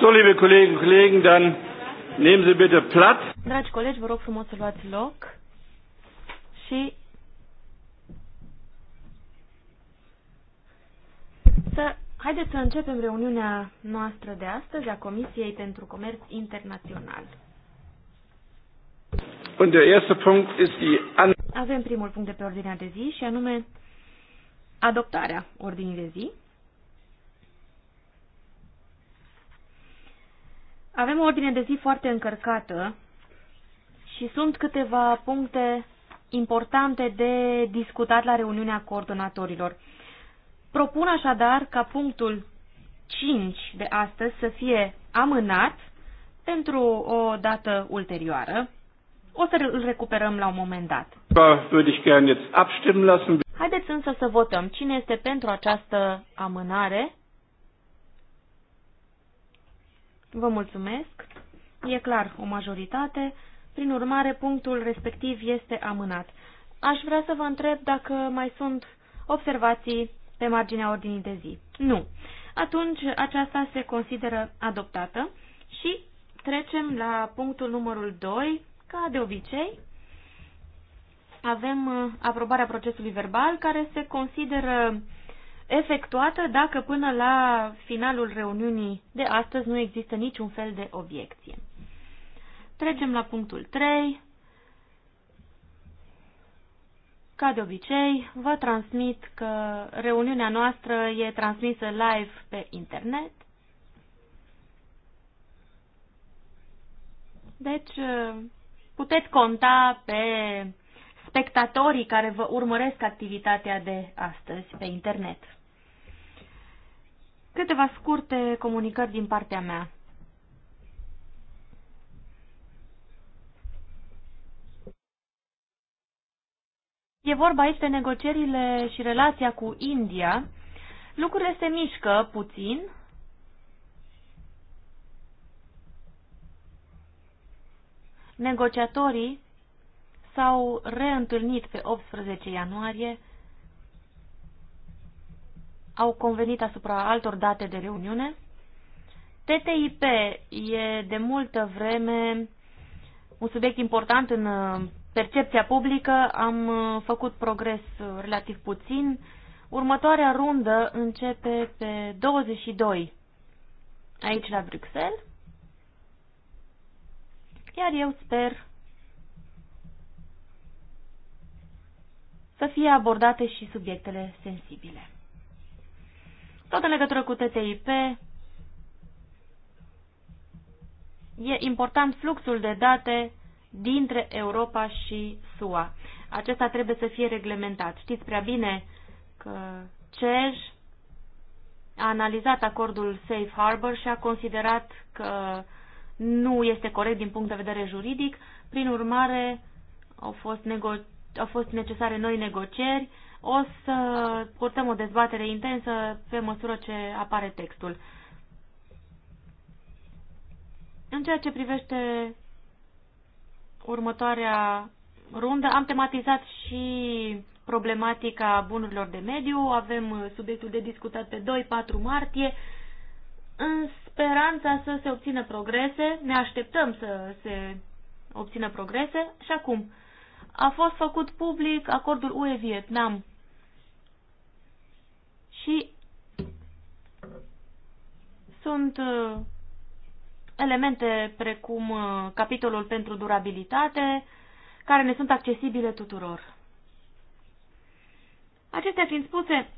So, liebe Kolleginnen und Kollegen, dann nehmen Sie bitte Platz. Dragi colegi, vă rog frumos să luați loc și să haideți să începem reuniunea noastră de astăzi a Comisiei pentru Comerț Internațional. Und der erste Punkt ist die An Avem primul punct de pe ordinea de zi și anume adoptarea ordinii de zi. Avem o ordine de zi foarte încărcată și sunt câteva puncte importante de discutat la reuniunea coordonatorilor. Propun așadar ca punctul 5 de astăzi să fie amânat pentru o dată ulterioară. O să îl recuperăm la un moment dat. Da, Haideți însă să votăm cine este pentru această amânare. Vă mulțumesc. E clar, o majoritate. Prin urmare, punctul respectiv este amânat. Aș vrea să vă întreb dacă mai sunt observații pe marginea ordinii de zi. Nu. Atunci aceasta se consideră adoptată și trecem la punctul numărul 2, ca de obicei. Avem uh, aprobarea procesului verbal care se consideră efectuată dacă până la finalul reuniunii de astăzi nu există niciun fel de obiecție. Trecem la punctul 3. Ca de obicei, vă transmit că reuniunea noastră e transmisă live pe internet. Deci, puteți conta pe spectatorii care vă urmăresc activitatea de astăzi pe internet. Câteva scurte comunicări din partea mea. E vorba aici de negocierile și relația cu India. Lucrurile se mișcă puțin. Negociatorii s-au reîntâlnit pe 18 ianuarie au convenit asupra altor date de reuniune. TTIP e de multă vreme un subiect important în uh, percepția publică. Am uh, făcut progres uh, relativ puțin. Următoarea rundă începe pe 22 aici la Bruxelles. Iar eu sper să fie abordate și subiectele sensibile. Tot în legătură cu TTIP, e important fluxul de date dintre Europa și SUA. Acesta trebuie să fie reglementat. Știți prea bine că CEJ a analizat acordul Safe Harbor și a considerat că nu este corect din punct de vedere juridic, prin urmare au fost, nego- au fost necesare noi negocieri o să purtăm o dezbatere intensă pe măsură ce apare textul. În ceea ce privește următoarea rundă, am tematizat și problematica bunurilor de mediu, avem subiectul de discutat pe 2-4 martie, în speranța să se obțină progrese, ne așteptăm să se obțină progrese și acum a fost făcut public acordul UE-Vietnam și sunt uh, elemente precum uh, capitolul pentru durabilitate, care ne sunt accesibile tuturor. Acestea fiind spuse,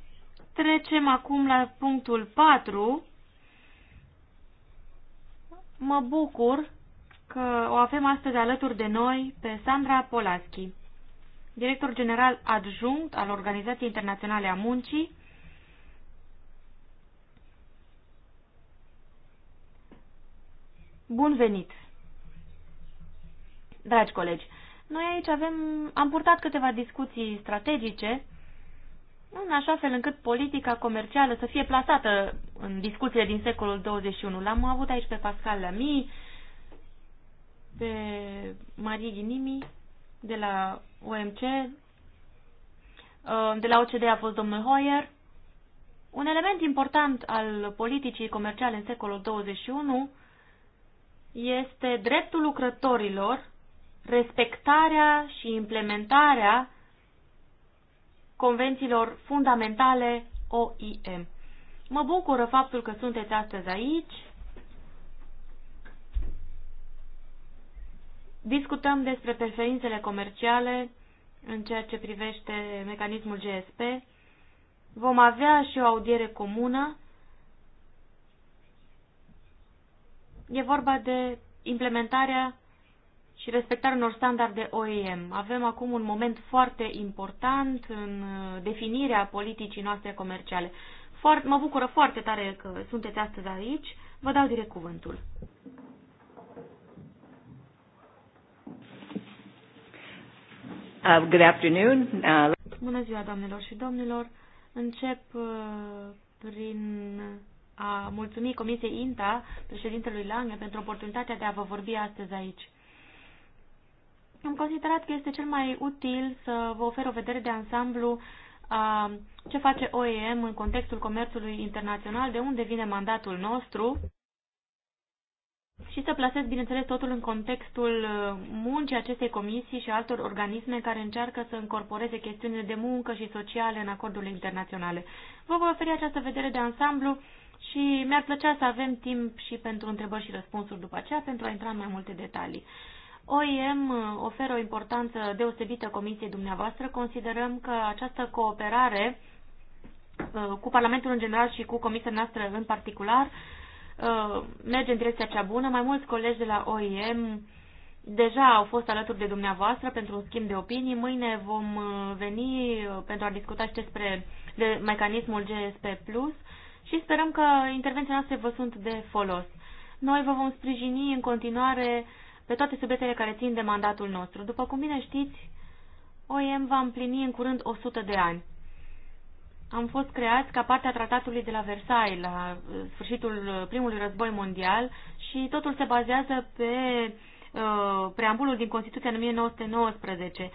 trecem acum la punctul 4. Mă bucur că o avem astăzi alături de noi pe Sandra Polaschi, director general adjunct al Organizației Internaționale a Muncii, Bun venit! Dragi colegi, noi aici avem, am purtat câteva discuții strategice în așa fel încât politica comercială să fie plasată în discuțiile din secolul 21. L-am avut aici pe Pascal Lamy, pe Marie Ghinimi de la OMC, uh, de la OCD a fost domnul Hoyer. Un element important al politicii comerciale în secolul 21 este dreptul lucrătorilor, respectarea și implementarea convențiilor fundamentale OIM. Mă bucură faptul că sunteți astăzi aici. Discutăm despre preferințele comerciale în ceea ce privește mecanismul GSP. Vom avea și o audiere comună E vorba de implementarea și respectarea unor standarde OEM. Avem acum un moment foarte important în uh, definirea politicii noastre comerciale. Foar mă bucură foarte tare că sunteți astăzi aici. Vă dau direct cuvântul. Uh, good afternoon. Uh... Bună ziua, doamnelor și domnilor. Încep uh, prin a mulțumi Comisiei INTA, președintelui Lange, pentru oportunitatea de a vă vorbi astăzi aici. Am considerat că este cel mai util să vă ofer o vedere de ansamblu a ce face OEM în contextul comerțului internațional, de unde vine mandatul nostru și să plasez, bineînțeles, totul în contextul muncii acestei comisii și altor organisme care încearcă să încorporeze chestiunile de muncă și sociale în acordurile internaționale. Vă voi oferi această vedere de ansamblu și mi-ar plăcea să avem timp și pentru întrebări și răspunsuri după aceea, pentru a intra în mai multe detalii. OIM oferă o importanță deosebită Comisiei dumneavoastră. Considerăm că această cooperare uh, cu Parlamentul în general și cu Comisia noastră în particular uh, merge în direcția cea bună. Mai mulți colegi de la OIM deja au fost alături de dumneavoastră pentru un schimb de opinii. Mâine vom uh, veni pentru a discuta și despre mecanismul GSP+ și sperăm că intervențiile noastre vă sunt de folos. Noi vă vom sprijini în continuare pe toate subiectele care țin de mandatul nostru. După cum bine știți, OIM va împlini în curând 100 de ani. Am fost creați ca parte a tratatului de la Versailles la uh, sfârșitul uh, primului război mondial și totul se bazează pe uh, preambulul din Constituția în 1919.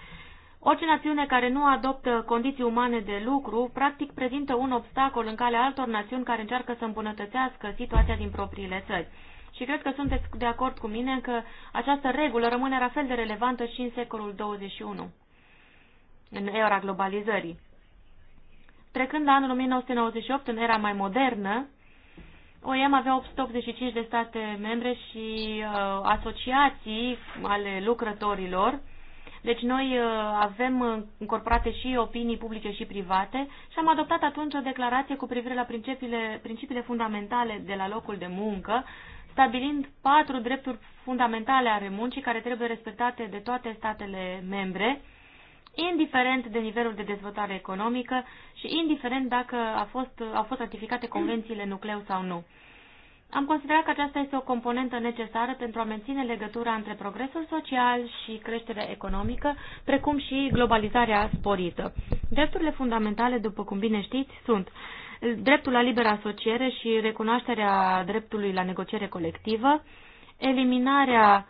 Orice națiune care nu adoptă condiții umane de lucru, practic prezintă un obstacol în calea altor națiuni care încearcă să îmbunătățească situația din propriile țări. Și cred că sunteți de acord cu mine că această regulă rămâne la fel de relevantă și în secolul 21, în era globalizării. Trecând la anul 1998, în era mai modernă, OEM avea 885 de state membre și uh, asociații ale lucrătorilor, deci noi uh, avem uh, incorporate și opinii publice și private și am adoptat atunci o declarație cu privire la principiile, principiile fundamentale de la locul de muncă, stabilind patru drepturi fundamentale ale muncii care trebuie respectate de toate statele membre, indiferent de nivelul de dezvoltare economică și indiferent dacă a fost, au fost ratificate convențiile nucleu sau nu. Am considerat că aceasta este o componentă necesară pentru a menține legătura între progresul social și creșterea economică, precum și globalizarea sporită. Drepturile fundamentale, după cum bine știți, sunt dreptul la liberă asociere și recunoașterea dreptului la negociere colectivă, eliminarea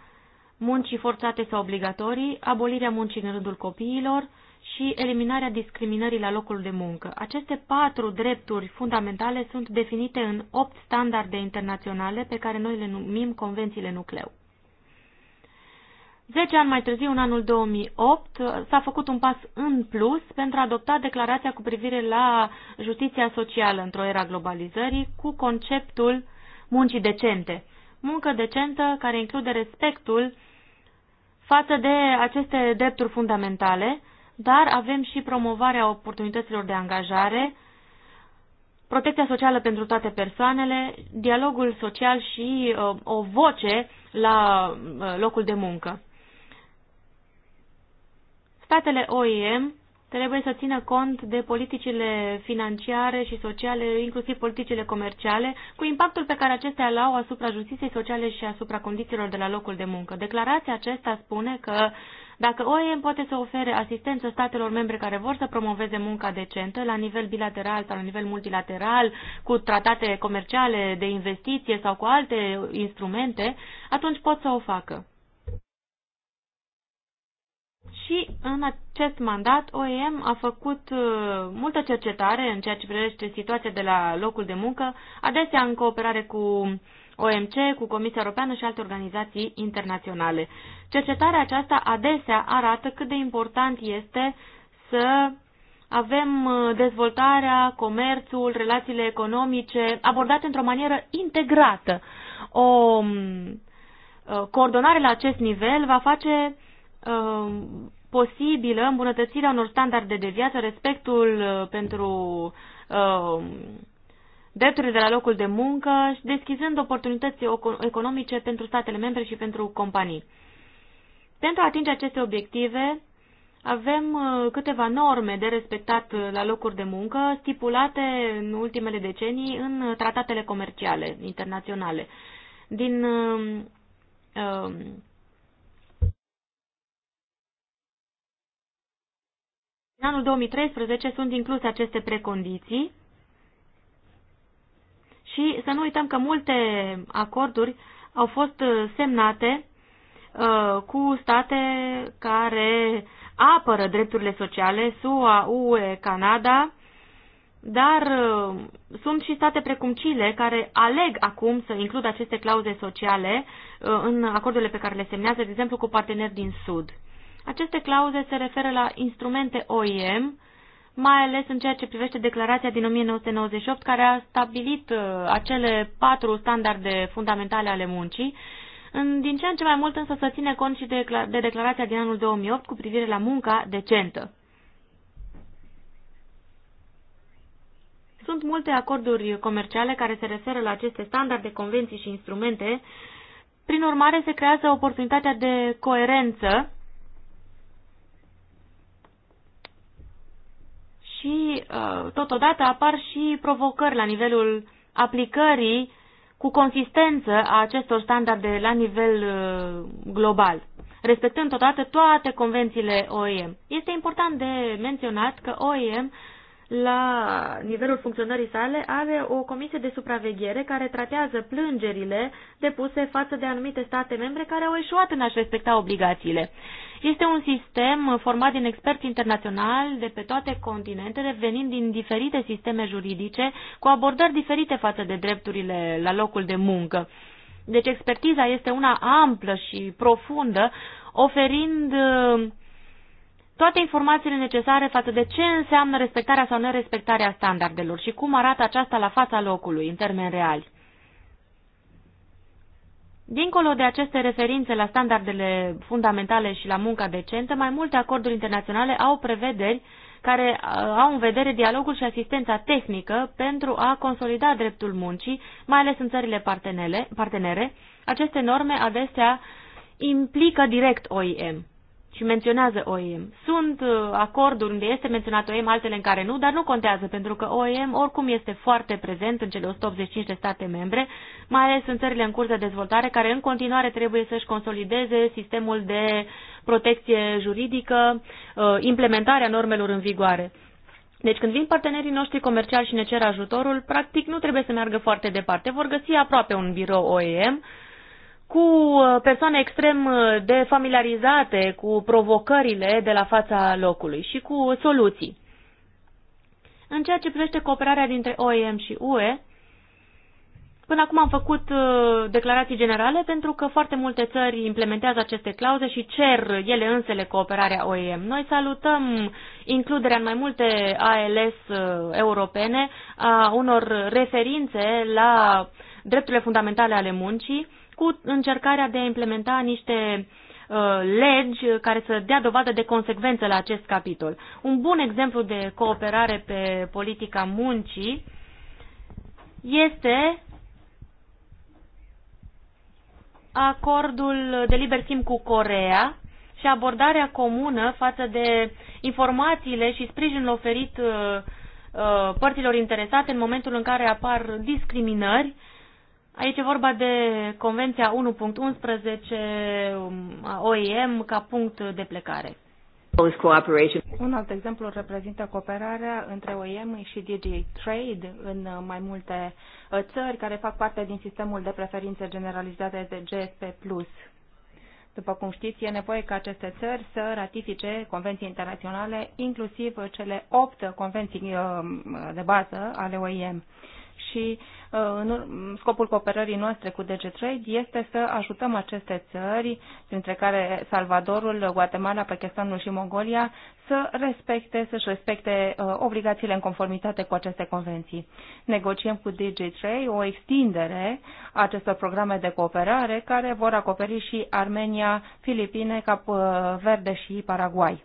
muncii forțate sau obligatorii, abolirea muncii în rândul copiilor, și eliminarea discriminării la locul de muncă. Aceste patru drepturi fundamentale sunt definite în opt standarde internaționale pe care noi le numim convențiile nucleu. Zece ani mai târziu, în anul 2008, s-a făcut un pas în plus pentru a adopta declarația cu privire la justiția socială într-o era globalizării cu conceptul muncii decente. Muncă decentă care include respectul față de aceste drepturi fundamentale, dar avem și promovarea oportunităților de angajare, protecția socială pentru toate persoanele, dialogul social și uh, o voce la uh, locul de muncă. Statele OIM trebuie să țină cont de politicile financiare și sociale, inclusiv politicile comerciale, cu impactul pe care acestea îl au asupra justiției sociale și asupra condițiilor de la locul de muncă. Declarația acesta spune că uh, dacă OEM poate să ofere asistență statelor membre care vor să promoveze munca decentă la nivel bilateral sau la nivel multilateral, cu tratate comerciale de investiție sau cu alte instrumente, atunci pot să o facă. Și în acest mandat OEM a făcut uh, multă cercetare în ceea ce privește situația de la locul de muncă, adesea în cooperare cu OMC, cu Comisia Europeană și alte organizații internaționale. Cercetarea aceasta adesea arată cât de important este să avem uh, dezvoltarea, comerțul, relațiile economice abordate într-o manieră integrată. O um, uh, coordonare la acest nivel va face uh, posibilă îmbunătățirea unor standarde de viață, respectul pentru drepturile de la locul de muncă și deschizând oportunități economice pentru statele membre și pentru companii. Pentru a atinge aceste obiective, avem uh, câteva norme de respectat uh, la locuri de muncă stipulate în ultimele decenii în tratatele comerciale internaționale. Din uh, um, în anul 2013 sunt incluse aceste precondiții și să nu uităm că multe acorduri au fost uh, semnate uh, cu state care apără drepturile sociale, SUA, UE, Canada, dar uh, sunt și state precum Chile care aleg acum să includă aceste clauze sociale în acordurile pe care le semnează, de exemplu, cu parteneri din Sud. Aceste clauze se referă la instrumente OIM mai ales în ceea ce privește declarația din 1998, care a stabilit uh, acele patru standarde fundamentale ale muncii. Din ce în ce mai mult însă să ține cont și de, de declarația din anul 2008 cu privire la munca decentă. Sunt multe acorduri comerciale care se referă la aceste standarde, convenții și instrumente. Prin urmare, se creează oportunitatea de coerență și uh, totodată apar și provocări la nivelul aplicării cu consistență a acestor standarde la nivel uh, global, respectând totodată toate convențiile OEM. Este important de menționat că OEM la nivelul funcționării sale, are o comisie de supraveghere care tratează plângerile depuse față de anumite state membre care au eșuat în a-și respecta obligațiile. Este un sistem format din experți internaționali de pe toate continentele, venind din diferite sisteme juridice, cu abordări diferite față de drepturile la locul de muncă. Deci expertiza este una amplă și profundă, oferind uh, toate informațiile necesare față de ce înseamnă respectarea sau nerespectarea standardelor și cum arată aceasta la fața locului, în termeni reali. Dincolo de aceste referințe la standardele fundamentale și la munca decentă, mai multe acorduri internaționale au prevederi care uh, au în vedere dialogul și asistența tehnică pentru a consolida dreptul muncii, mai ales în țările partenere. Aceste norme adesea implică direct OIM și menționează OEM. Sunt uh, acorduri unde este menționat OEM, altele în care nu, dar nu contează, pentru că OEM oricum este foarte prezent în cele 185 de state membre, mai ales în țările în curs de dezvoltare, care în continuare trebuie să-și consolideze sistemul de protecție juridică, uh, implementarea normelor în vigoare. Deci când vin partenerii noștri comerciali și ne cer ajutorul, practic nu trebuie să meargă foarte departe. Vor găsi aproape un birou OEM, cu uh, persoane extrem uh, de familiarizate cu provocările de la fața locului și cu soluții. În ceea ce privește cooperarea dintre OEM și UE, până acum am făcut uh, declarații generale pentru că foarte multe țări implementează aceste clauze și cer ele însele cooperarea OEM. Noi salutăm includerea în mai multe ALS europene a unor referințe la drepturile fundamentale ale muncii, cu încercarea de a implementa niște uh, legi care să dea dovadă de consecvență la acest capitol. Un bun exemplu de cooperare pe politica muncii este acordul de liber schimb cu Corea și abordarea comună față de informațiile și sprijinul oferit uh, uh, părților interesate în momentul în care apar discriminări Aici e vorba de Convenția 1.11 um, a OIM ca punct de plecare. Un alt exemplu reprezintă cooperarea între OIM și DG Trade în mai multe uh, țări care fac parte din sistemul de preferințe generalizate de GSP+. După cum știți, e nevoie ca aceste țări să ratifice convenții internaționale, inclusiv cele opt convenții uh, de bază ale OIM și uh, în scopul cooperării noastre cu DG Trade este să ajutăm aceste țări, printre care Salvadorul, Guatemala, Pakistanul și Mongolia, să respecte, să-și respecte uh, obligațiile în conformitate cu aceste convenții. Negociem cu DG Trade o extindere a acestor programe de cooperare care vor acoperi și Armenia, Filipine, Cap uh, Verde și Paraguay.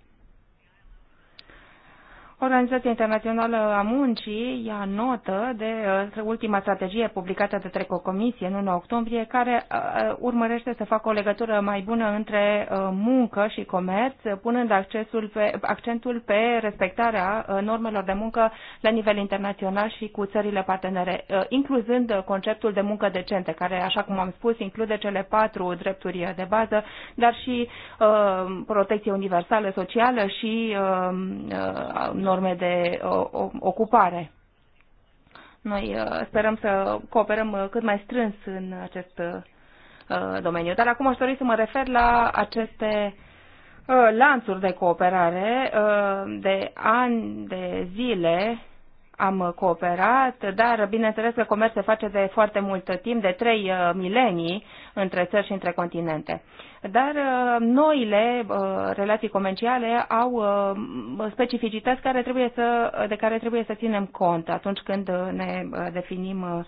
Organizația Internațională a Muncii ia notă de uh, ultima strategie publicată de trec o comisie în 1 octombrie, care uh, uh, urmărește să facă o legătură mai bună între muncă și comerț, punând accesul pe, accentul pe respectarea normelor de muncă la nivel internațional și cu țările partenere, incluzând conceptul de muncă decente, care, așa cum am spus, include cele patru drepturi de bază, dar și protecție universală, socială și norme de ocupare. Noi uh, sperăm să cooperăm uh, cât mai strâns în acest uh, domeniu. Dar acum aș dori să mă refer la aceste lanțuri de cooperare. De ani de zile am cooperat, dar bineînțeles că comerț se face de foarte mult timp, de trei milenii între țări și între continente dar uh, noile uh, relații comerciale au uh, specificități care trebuie să, de care trebuie să ținem cont atunci când ne definim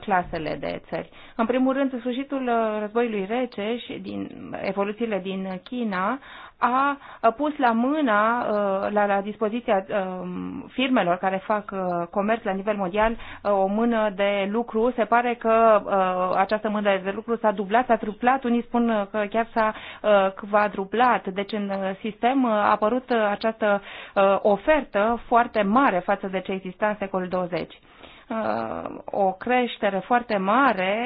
clasele de țări. În primul rând, sfârșitul războiului rece și din evoluțiile din China a pus la mâna, uh, la, la dispoziția um, firmelor care fac uh, comerț la nivel mondial, uh, o mână de lucru. Se pare că această mână de lucru s-a dublat, s-a triplat, unii spun că chiar s-a quadruplat. Deci în sistem a apărut această ofertă foarte mare față de ce exista în secolul 20 o creștere foarte mare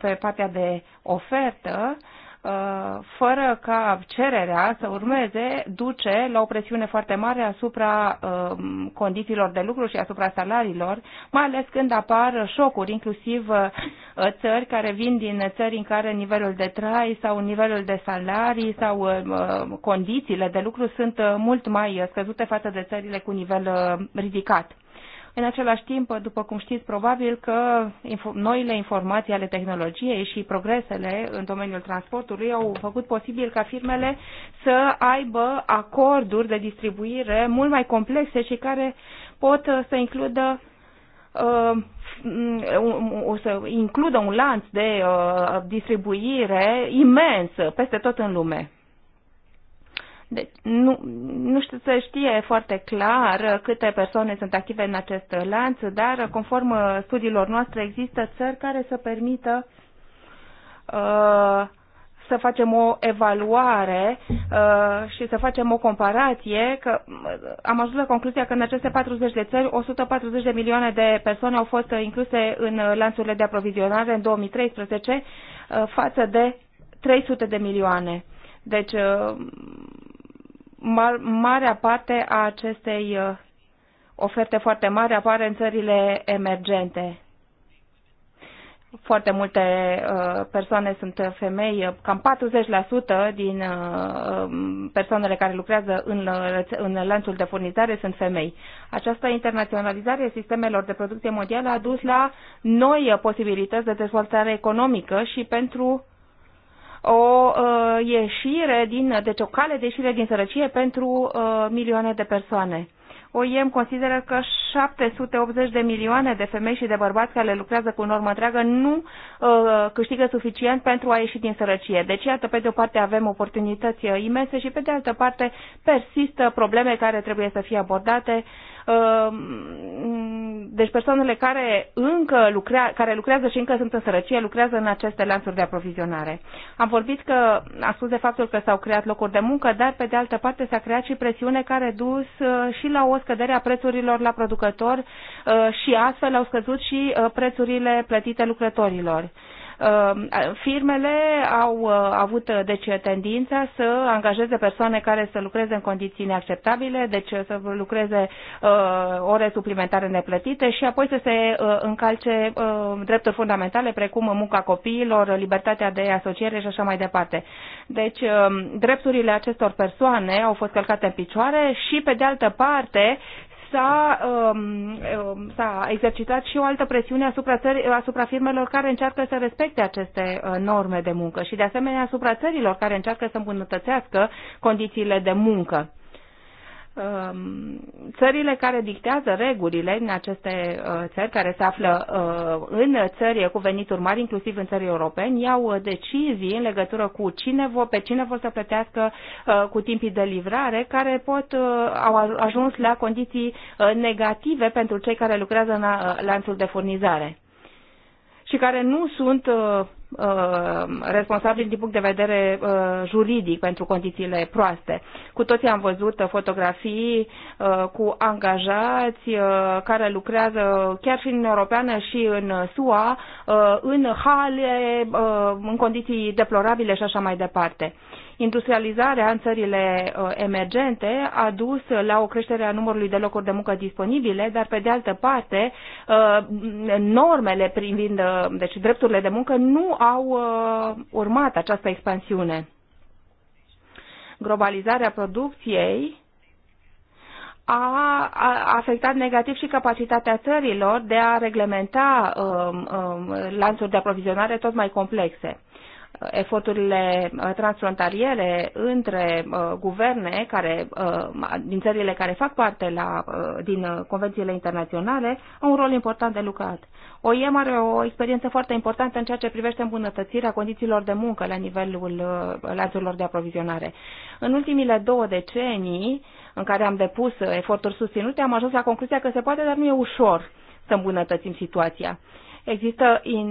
pe partea de ofertă Uh, fără ca cererea să urmeze, duce la o presiune foarte mare asupra um, condițiilor de lucru și asupra salariilor, mai ales când apar șocuri, inclusiv uh, țări care vin din țări în care nivelul de trai sau nivelul de salarii sau uh, condițiile de lucru sunt mult mai scăzute față de țările cu nivel ridicat. În același timp, după cum știți, probabil că noile informații ale tehnologiei și progresele în domeniul transportului au făcut posibil ca firmele să aibă acorduri de distribuire mult mai complexe și care pot uh, să includă uh, o să includă un lanț de uh, distribuire imens peste tot în lume. Deci nu, nu știu să știe foarte clar câte persoane sunt active în acest lanț, dar conform uh, studiilor noastre există țări care să permită uh, să facem o evaluare uh, și să facem o comparație, că uh, am ajuns la concluzia că în aceste 40 de țări, 140 de milioane de persoane au fost uh, incluse în lanțurile de aprovizionare în 2013 uh, față de 300 de milioane. Deci uh, mar, marea parte a acestei uh, oferte foarte mari apare în țările emergente. Foarte multe uh, persoane sunt femei, uh, cam 40% din um, persoanele care lucrează în, în lanțul de furnizare sunt femei. Această internaționalizare a sistemelor de producție mondială a dus la noi posibilități de dezvoltare economică și pentru o uh, ieșire din, deci o cale de ieșire din sărăcie pentru uh, milioane de persoane. OIM consideră că 780 de milioane de femei și de bărbați care lucrează cu normă întreagă nu uh, câștigă suficient pentru a ieși din sărăcie. Deci, iată, pe de o parte avem oportunități uh, imense și pe de altă parte persistă probleme care trebuie să fie abordate, Ehm, deci persoanele care încă lucrează, care lucrează și încă sunt în sărăcie, lucrează în aceste lanțuri de aprovizionare. Am vorbit că, a spus de faptul că s-au creat locuri de muncă, dar pe de altă parte s-a creat și presiune care a dus uh, și la o scădere a prețurilor la producător uh, și astfel au scăzut și uh, prețurile plătite lucrătorilor Um, firmele au uh, avut uh, deci tendința să angajeze persoane care să lucreze în condiții neacceptabile, deci să lucreze uh, ore suplimentare neplătite și apoi să se încalce drepturi fundamentale precum munca copiilor, libertatea de asociere și așa mai departe. Deci um, drepturile acestor persoane au fost călcate în picioare și pe de altă parte s-a, um, um, s-a exercitat și o altă presiune asupra, țări, asupra firmelor care încearcă să respecte aceste uh, norme de muncă și de asemenea asupra țărilor care încearcă să îmbunătățească condițiile de muncă. Um, țările care dictează regulile în aceste uh, țări care se află uh, în țări cu venituri mari, inclusiv în țări europeni, iau uh, decizii în legătură cu cine vor, pe cine vor să plătească cu timpii de livrare, care pot, au ajuns la condiții negative pentru cei care lucrează în lanțul de furnizare și care nu sunt Uh, responsabili din punct de vedere uh, juridic pentru condițiile proaste. Cu toții am văzut fotografii uh, cu angajați care lucrează chiar și în Europeană și în SUA, în hale, în condiții deplorabile și așa mai departe. Industrializarea în țările uh, emergente a dus la o creștere a numărului de locuri de muncă disponibile, dar pe de altă parte uh, normele privind uh, deci drepturile de muncă nu au urmat această expansiune. Globalizarea producției a afectat negativ și capacitatea țărilor de a reglementa um, um, lanțuri de aprovizionare tot mai complexe eforturile transfrontaliere între uh, guverne care, uh, din țările care fac parte la, uh, din convențiile internaționale au un rol important de lucrat. OIM are o experiență foarte importantă în ceea ce privește îmbunătățirea condițiilor de muncă la nivelul lanțurilor de aprovizionare. În ultimile două decenii în care am depus eforturi susținute, am ajuns la concluzia că se poate, dar nu e ușor să îmbunătățim situația. Uh, Există in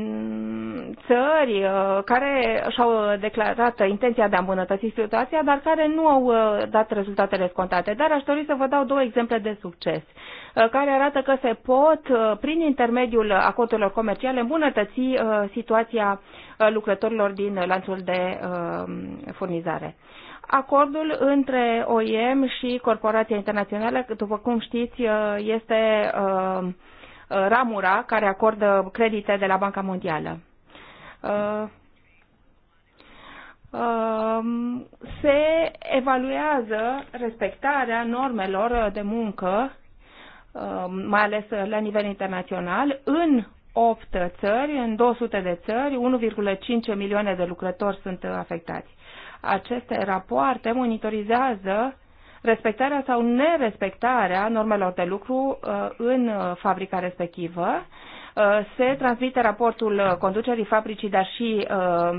țări uh, care și-au uh, declarat intenția de a îmbunătăți situația, dar care nu au uh, dat rezultatele scontate. Dar aș dori să vă dau două exemple de succes care arată că se pot, prin intermediul acordurilor comerciale, îmbunătăți situația lucrătorilor din lanțul de furnizare. Acordul între OIM și Corporația Internațională, după cum știți, este Uh, ramura care acordă credite de la Banca Mondială. Uh, um, se evaluează respectarea normelor de muncă, um, mai ales la nivel internațional, în 8 țări, în 200 de țări, 1,5 milioane de lucrători sunt afectați. Aceste rapoarte monitorizează respectarea sau nerespectarea normelor de lucru uh, în uh, fabrica respectivă. Uh, se transmite raportul conducerii fabricii, dar și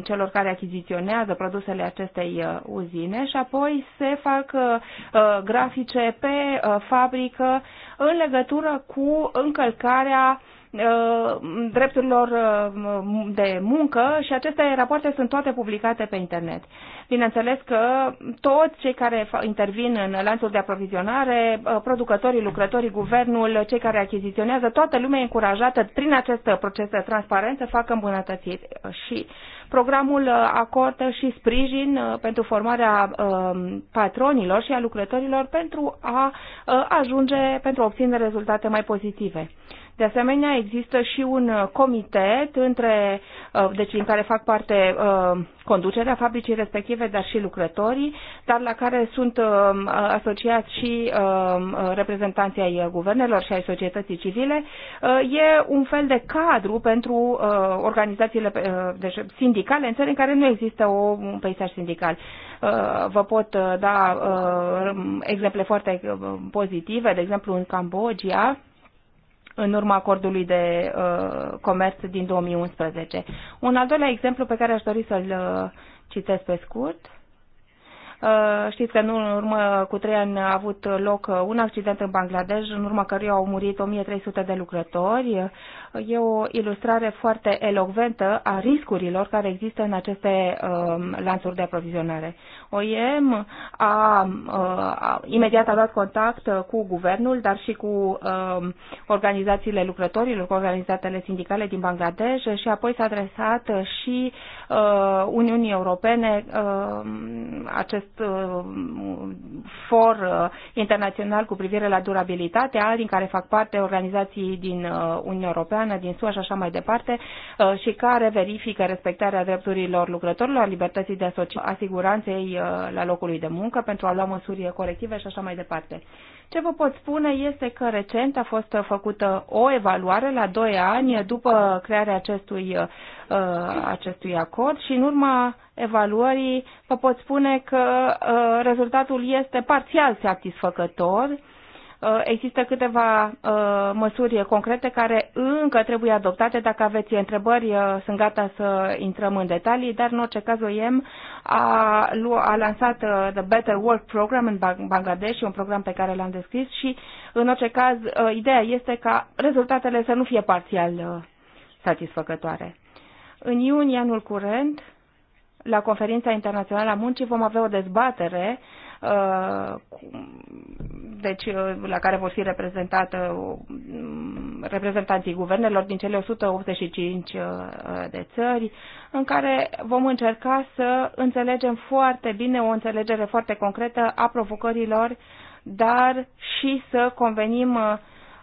celor care achiziționează produsele acestei uzine și apoi se fac grafice pe fabrică în legătură cu încălcarea Uh, drepturilor uh, de muncă și aceste rapoarte sunt toate publicate pe internet. Bineînțeles că toți cei care intervin în lanțul de aprovizionare, uh, producătorii, lucrătorii, guvernul, cei care achiziționează, toată lumea e încurajată prin acest proces de transparență să facă îmbunătățiri și programul acordă și sprijin pentru formarea um, patronilor și a lucrătorilor pentru a ajunge, pentru a obține rezultate mai pozitive. De asemenea, există și un uh, comitet între, uh, deci în care fac parte uh, conducerea fabricii respective, dar și lucrătorii, dar la care sunt asociați și reprezentanții ai guvernelor și ai societății civile. E un fel de cadru pentru organizațiile deci sindicale în țări în care nu există un peisaj sindical. Vă pot da exemple foarte pozitive, de exemplu în Cambodgia, în urma acordului de uh, comerț din 2011. Un al doilea exemplu pe care aș dori să-l uh, citesc pe scurt. Uh, știți că nu, în urmă cu trei ani a avut loc uh, un accident în Bangladesh, în urma căruia au murit 1300 de lucrători. E o ilustrare foarte elocventă a riscurilor care există în aceste uh, lanțuri de aprovizionare. OIM a, uh, imediat a dat contact uh, cu guvernul, dar și cu uh, organizațiile lucrătorilor, cu organizațiile sindicale din Bangladesh și apoi s-a adresat uh, și uh, Uniunii Europene uh, acest uh, for uh, internațional cu privire la durabilitatea, din care fac parte organizații din uh, Uniunea Europeană Ucraina din SUA și așa mai departe, uh, și care verifică respectarea drepturilor lucrătorilor, libertății de asociere, asiguranței uh, la locului de muncă pentru a lua măsuri corective și așa mai departe. Ce vă pot spune este că recent a fost făcută o evaluare la 2 ani după crearea acestui, uh, acestui acord și în urma evaluării vă pot spune că rezultatul este parțial satisfăcător Uh, există câteva uh, măsuri concrete care încă trebuie adoptate. Dacă aveți întrebări, uh, sunt gata să intrăm în detalii, dar în orice caz OIM a, a lansat The Better Work Program în Bangladesh, un program pe care l-am descris și în orice caz ideea este ca rezultatele să nu fie parțial satisfăcătoare. În iunie anul curent, la conferința internațională a muncii vom avea o dezbatere Uh, deci uh, la care vor fi reprezentată um, reprezentanții guvernelor din cele 185 uh, de țări, în care vom încerca să înțelegem foarte bine o înțelegere foarte concretă a provocărilor, dar și să convenim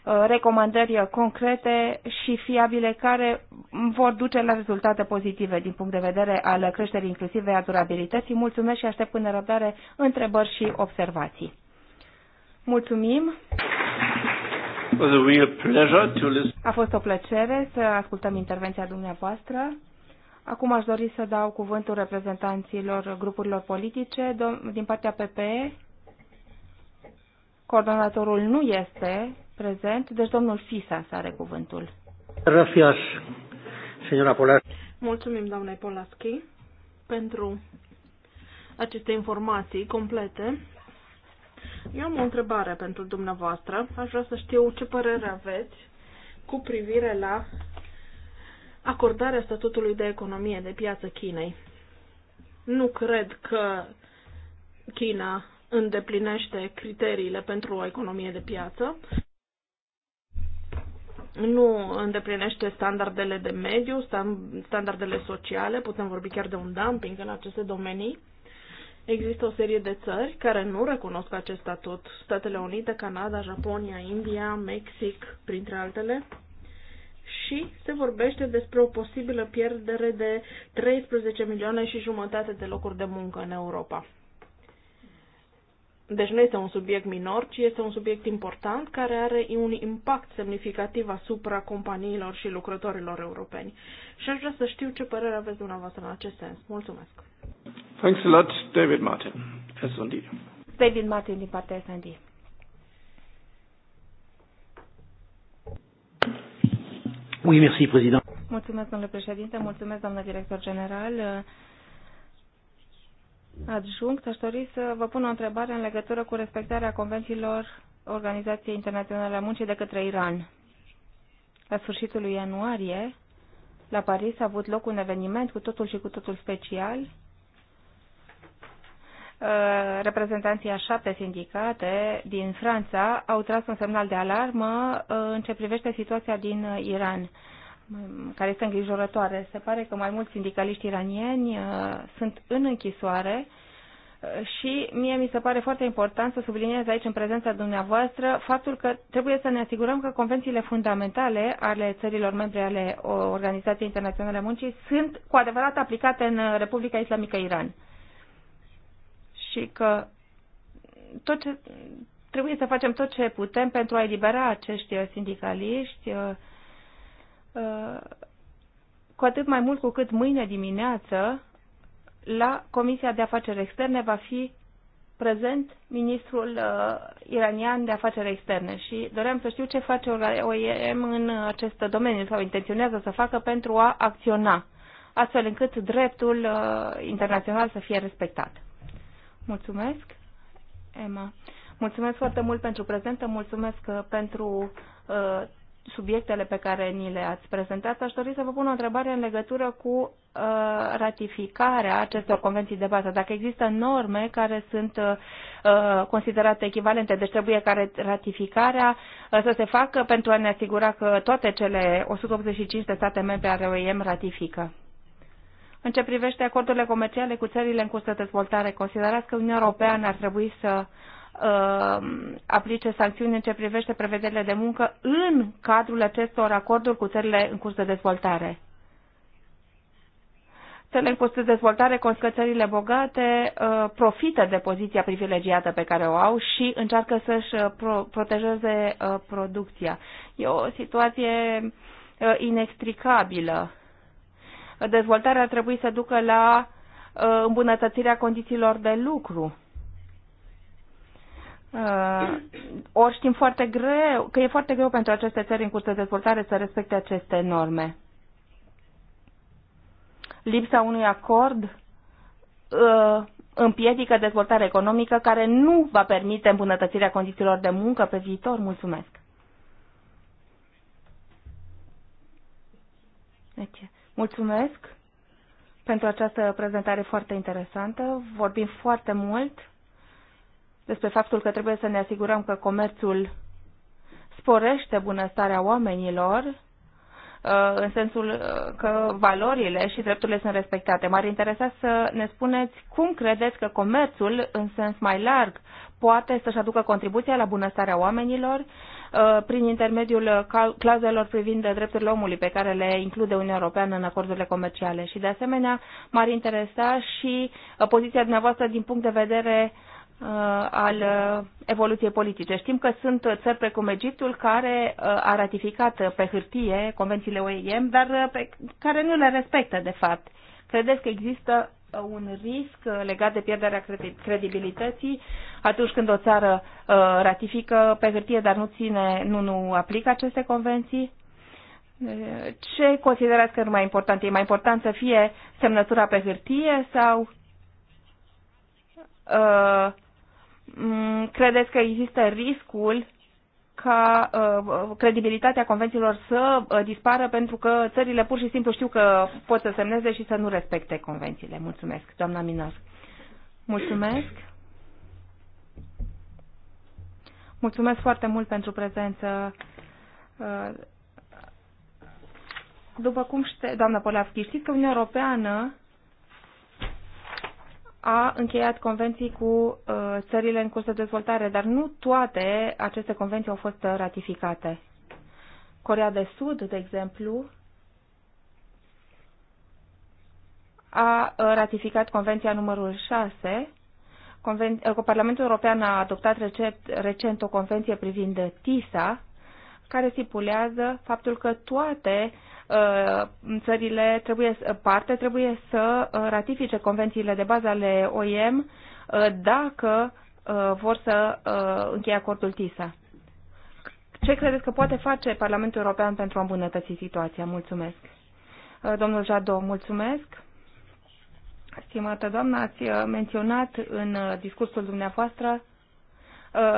Uh, recomandări concrete și fiabile care vor duce la rezultate pozitive din punct de vedere al creșterii inclusive a durabilității. Mulțumesc și aștept cu nerăbdare întrebări și observații. Mulțumim! A fost o plăcere să ascultăm intervenția dumneavoastră. Acum aș dori să dau cuvântul reprezentanților grupurilor politice din partea PPE. Coordonatorul nu este prezent. Deci domnul Fisa să are cuvântul. Răfias, senora Polar. Mulțumim, doamne Polaschi, pentru aceste informații complete. Eu am o întrebare pentru dumneavoastră. Aș vrea să știu ce părere aveți cu privire la acordarea statutului de economie de piață Chinei. Nu cred că China îndeplinește criteriile pentru o economie de piață nu îndeplinește standardele de mediu, standardele sociale, putem vorbi chiar de un dumping în aceste domenii. Există o serie de țări care nu recunosc acest statut. Statele Unite, Canada, Japonia, India, Mexic, printre altele. Și se vorbește despre o posibilă pierdere de 13 milioane și jumătate de locuri de muncă în Europa. Deci nu este un subiect minor, ci este un subiect important care are un impact semnificativ asupra companiilor și lucrătorilor europeni. Și aș vrea să știu ce părere aveți dumneavoastră în acest sens. Mulțumesc! Thanks a lot, David Martin, S&D. David Martin din partea S&D. Oui, merci, président. Mulțumesc, domnule președinte, mulțumesc, doamnă director general adjunct, aș dori să vă pun o întrebare în legătură cu respectarea convențiilor Organizației Internaționale a Muncii de către Iran. La sfârșitul lui ianuarie, la Paris a avut loc un eveniment cu totul și cu totul special. Uh, reprezentanții a șapte sindicate din Franța au tras un semnal de alarmă uh, în ce privește situația din Iran care este îngrijorătoare. Se pare că mai mulți sindicaliști iranieni uh, sunt în închisoare uh, și mie mi se pare foarte important să subliniez aici în prezența dumneavoastră faptul că trebuie să ne asigurăm că convențiile fundamentale ale țărilor membre ale Organizației Internaționale a Muncii sunt cu adevărat aplicate în uh, Republica Islamică Iran. Și că tot ce, trebuie să facem tot ce putem pentru a elibera acești sindicaliști, cu atât mai mult cu cât mâine dimineață la Comisia de Afaceri Externe va fi prezent ministrul uh, iranian de afaceri externe și doream să știu ce face OIM în acest domeniu sau intenționează să facă pentru a acționa, astfel încât dreptul uh, internațional să fie respectat. Mulțumesc, Emma. Mulțumesc foarte mult pentru prezentă, mulțumesc uh, pentru uh, subiectele pe care ni le-ați prezentat, aș dori să vă pun o întrebare în legătură cu uh, ratificarea acestor convenții de bază. Dacă există norme care sunt uh, considerate echivalente, deci trebuie ca ratificarea uh, să se facă pentru a ne asigura că toate cele 185 de state membre ale OIM ratifică. În ce privește acordurile comerciale cu țările în curs de dezvoltare, considerați că Uniunea Europeană ar trebui să Uh, aplice sancțiuni în ce privește prevederile de muncă în cadrul acestor acorduri cu țările în curs de dezvoltare. Țările în curs de dezvoltare, conscățările bogate, uh, profită de poziția privilegiată pe care o au și încearcă să-și uh, protejeze producția. E o situație inextricabilă. Dezvoltarea ar trebui să ducă la îmbunătățirea condițiilor de lucru Uh, ori știm foarte greu, că e foarte greu pentru aceste țări în curs de dezvoltare să respecte aceste norme. Lipsa unui acord uh, împiedică dezvoltarea economică care nu va permite îmbunătățirea condițiilor de muncă pe viitor. Mulțumesc! Deci, mulțumesc pentru această prezentare foarte interesantă. Vorbim foarte mult despre faptul că trebuie să ne asigurăm că comerțul sporește bunăstarea oamenilor, uh, în sensul uh, că valorile și drepturile sunt respectate. M-ar interesa să ne spuneți cum credeți că comerțul, în sens mai larg, poate să-și aducă contribuția la bunăstarea oamenilor uh, prin intermediul clauzelor privind drepturile omului pe care le include Uniunea Europeană în acordurile comerciale. Și, de asemenea, m-ar interesa și poziția dumneavoastră din punct de vedere uh, Uh, al uh, evoluției politice. Știm că sunt țări precum Egiptul care uh, a ratificat pe hârtie convențiile OIM, dar pe care nu le respectă, de fapt. Credeți că există un risc legat de pierderea credibilității atunci când o țară ratifică pe hârtie, dar nu, ține, nu, nu aplică aceste convenții? Ce considerați că e mai important? E mai important să fie semnătura pe hârtie sau uh, Mm, credeți că există riscul ca uh, credibilitatea convențiilor să uh, dispară pentru că țările pur și simplu știu că pot să semneze și să nu respecte convențiile. Mulțumesc, doamna Minar. Mulțumesc. Mulțumesc foarte mult pentru prezență. Uh, după cum știe, doamna Poleavski, știți că Uniunea Europeană a încheiat convenții cu uh, țările în curs de dezvoltare, dar nu toate aceste convenții au fost uh, ratificate. Corea de Sud, de exemplu, a uh, ratificat Convenția numărul 6. Conven... Uh, Parlamentul European a adoptat recent o convenție privind TISA, care stipulează faptul că toate Uh, țările trebuie, parte trebuie să uh, ratifice convențiile de bază ale OIM uh, dacă vor să încheie acordul TISA. Ce credeți că poate face Parlamentul European pentru a îmbunătăți situația? Mulțumesc. Domnul Jado, mulțumesc. Stimată doamnă, ați menționat în discursul dumneavoastră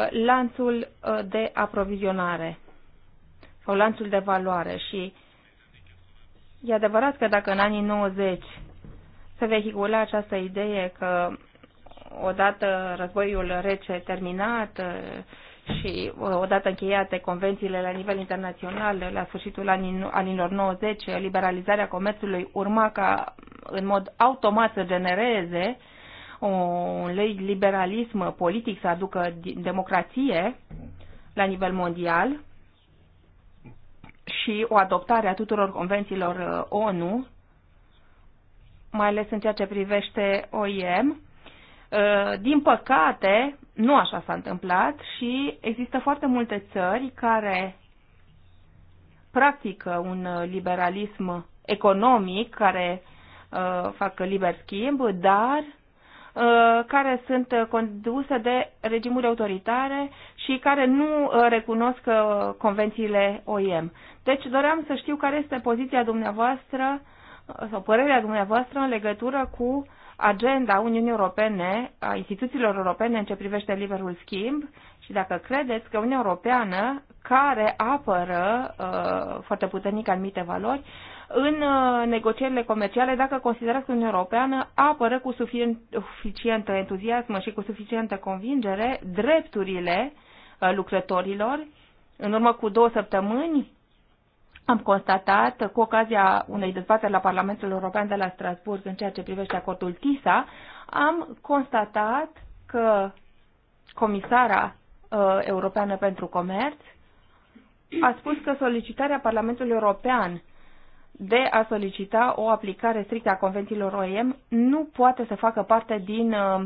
lanțul de aprovizionare sau lanțul de valoare și uh, E adevărat că dacă în anii 90 se vehicula această idee că odată războiul rece terminat uh, și uh, odată încheiate convențiile la nivel internațional uh, la sfârșitul anilor 90, liberalizarea comerțului urma ca în mod automat să genereze un liberalism politic, să aducă democrație la nivel mondial, și o adoptare a tuturor convențiilor uh, ONU, mai ales în ceea ce privește OIM. Uh, din păcate, nu așa s-a întâmplat și există foarte multe țări care practică un uh, liberalism economic, care facă liber schimb, dar Uh, care sunt conduse de regimuri autoritare și care nu uh, recunosc uh, convențiile OIM. Deci doream să știu care este poziția dumneavoastră sau părerea dumneavoastră în legătură cu agenda Uniunii Europene, a instituțiilor europene în ce privește liberul schimb și dacă credeți că Uniunea Europeană, care apără uh, foarte puternic anumite valori, în uh, negocierile comerciale dacă considerați că Uniunea Europeană apără cu suficient entuziasm și cu suficientă convingere drepturile uh, lucrătorilor. În urmă cu două săptămâni am constatat, uh, cu ocazia unei dezbateri la Parlamentul European de la Strasburg în ceea ce privește acordul TISA, am constatat că comisara europeană pentru comerț a spus că solicitarea Parlamentului European de a solicita o aplicare strictă a convențiilor OEM nu poate să facă parte din uh,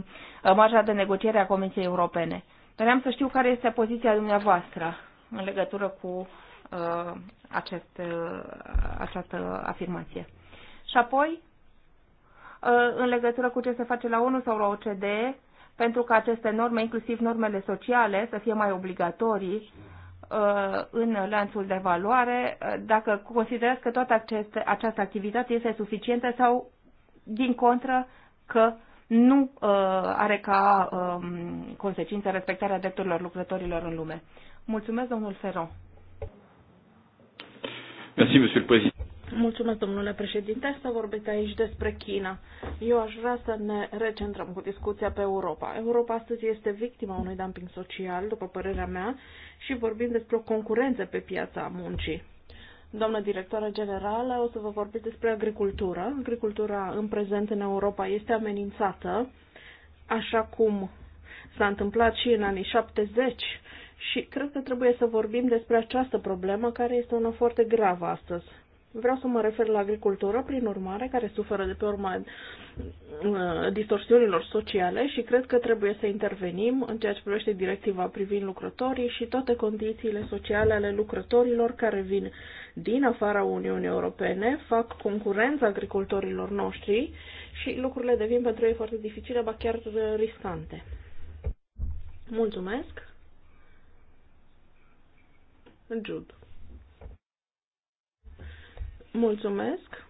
marja de negociere a Comisiei Europene. Doream să știu care este poziția dumneavoastră în legătură cu uh, acest, uh, această afirmație. Și apoi, uh, în legătură cu ce se face la ONU sau la OCDE, pentru ca aceste norme, inclusiv normele sociale, să fie mai obligatorii Uh, în lanțul de valoare, uh, dacă considerați că toată aceste, această activitate este suficientă sau, din contră, că nu uh, are ca uh, consecință respectarea drepturilor lucrătorilor în lume. Mulțumesc, domnul Ferro. Merci, monsieur le président. Mulțumesc, domnule președinte, să vorbiți aici despre China. Eu aș vrea să ne recentrăm cu discuția pe Europa. Europa astăzi este victima unui dumping social, după părerea mea, și vorbim despre o concurență pe piața muncii. Doamnă directoare generală, o să vă vorbesc despre agricultură. Agricultura în prezent în Europa este amenințată, așa cum s-a întâmplat și în anii 70 și cred că trebuie să vorbim despre această problemă care este una foarte gravă astăzi. Vreau să mă refer la agricultură, prin urmare, care suferă de pe urma uh, distorsiunilor sociale și cred că trebuie să intervenim în ceea ce privește directiva privind lucrătorii și toate condițiile sociale ale lucrătorilor care vin din afara Uniunii Europene, fac concurența agricultorilor noștri și lucrurile devin pentru ei foarte dificile, ba chiar uh, riscante. Mulțumesc! Jude. Mulțumesc!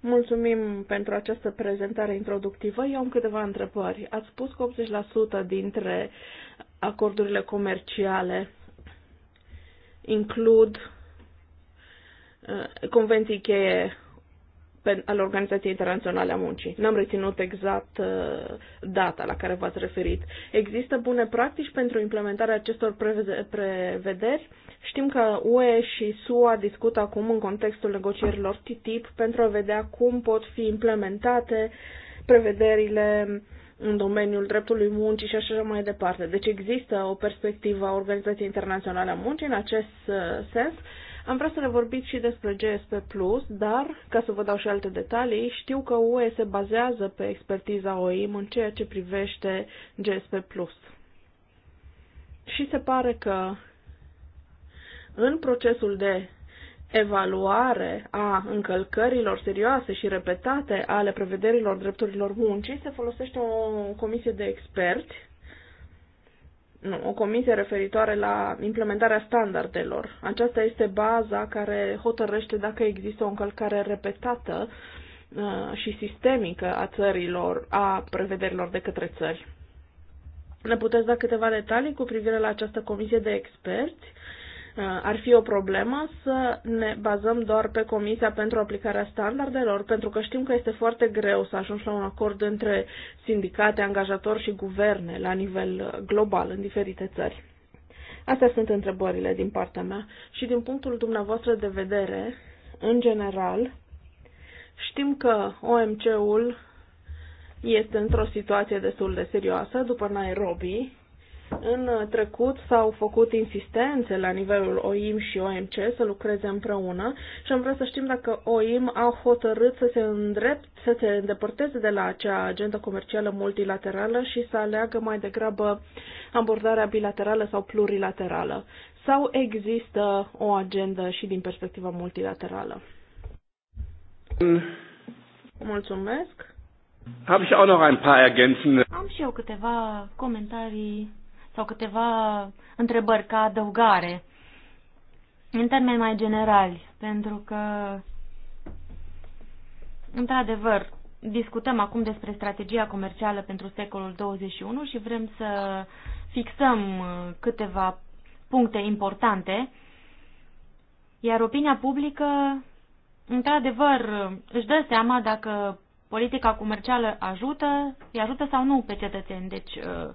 Mulțumim pentru această prezentare introductivă. Eu am câteva întrebări. Ați spus că 80% dintre acordurile comerciale includ uh, convenții cheie al Organizației Internaționale a Muncii. N-am reținut exact uh, data la care v-ați referit. Există bune practici pentru implementarea acestor prevederi? Știm că UE și SUA discută acum în contextul negocierilor TTIP pentru a vedea cum pot fi implementate prevederile în domeniul dreptului muncii și așa mai departe. Deci există o perspectivă a Organizației Internaționale a Muncii în acest uh, sens am vrea să ne vorbiți și despre GSP+, dar, ca să vă dau și alte detalii, știu că UE se bazează pe expertiza OIM în ceea ce privește GSP+. Și se pare că în procesul de evaluare a încălcărilor serioase și repetate ale prevederilor drepturilor muncii se folosește o comisie de experți nu, o comisie referitoare la implementarea standardelor. Aceasta este baza care hotărăște dacă există o încălcare repetată uh, și sistemică a țărilor, a prevederilor de către țări. Ne puteți da câteva detalii cu privire la această comisie de experți Uh, ar fi o problemă să ne bazăm doar pe Comisia pentru aplicarea standardelor, pentru că știm că este foarte greu să ajungi la un acord între sindicate, angajatori și guverne la nivel uh, global în diferite țări. Astea sunt întrebările din partea mea și din punctul dumneavoastră de vedere, în general, știm că OMC-ul este într-o situație destul de serioasă după Nairobi, în trecut s-au făcut insistențe la nivelul OIM și OMC să lucreze împreună și am vrea să știm dacă OIM a hotărât să se, îndrept, să se îndepărteze de la acea agenda comercială multilaterală și să aleagă mai degrabă abordarea bilaterală sau plurilaterală. Sau există o agendă și din perspectiva multilaterală? Mulțumesc! Am și eu câteva comentarii sau câteva întrebări ca adăugare în termeni mai generali, pentru că, într-adevăr, discutăm acum despre strategia comercială pentru secolul 21 și vrem să fixăm uh, câteva puncte importante, iar opinia publică, într-adevăr, își dă seama dacă politica comercială ajută, îi ajută sau nu pe cetățeni. Deci, uh,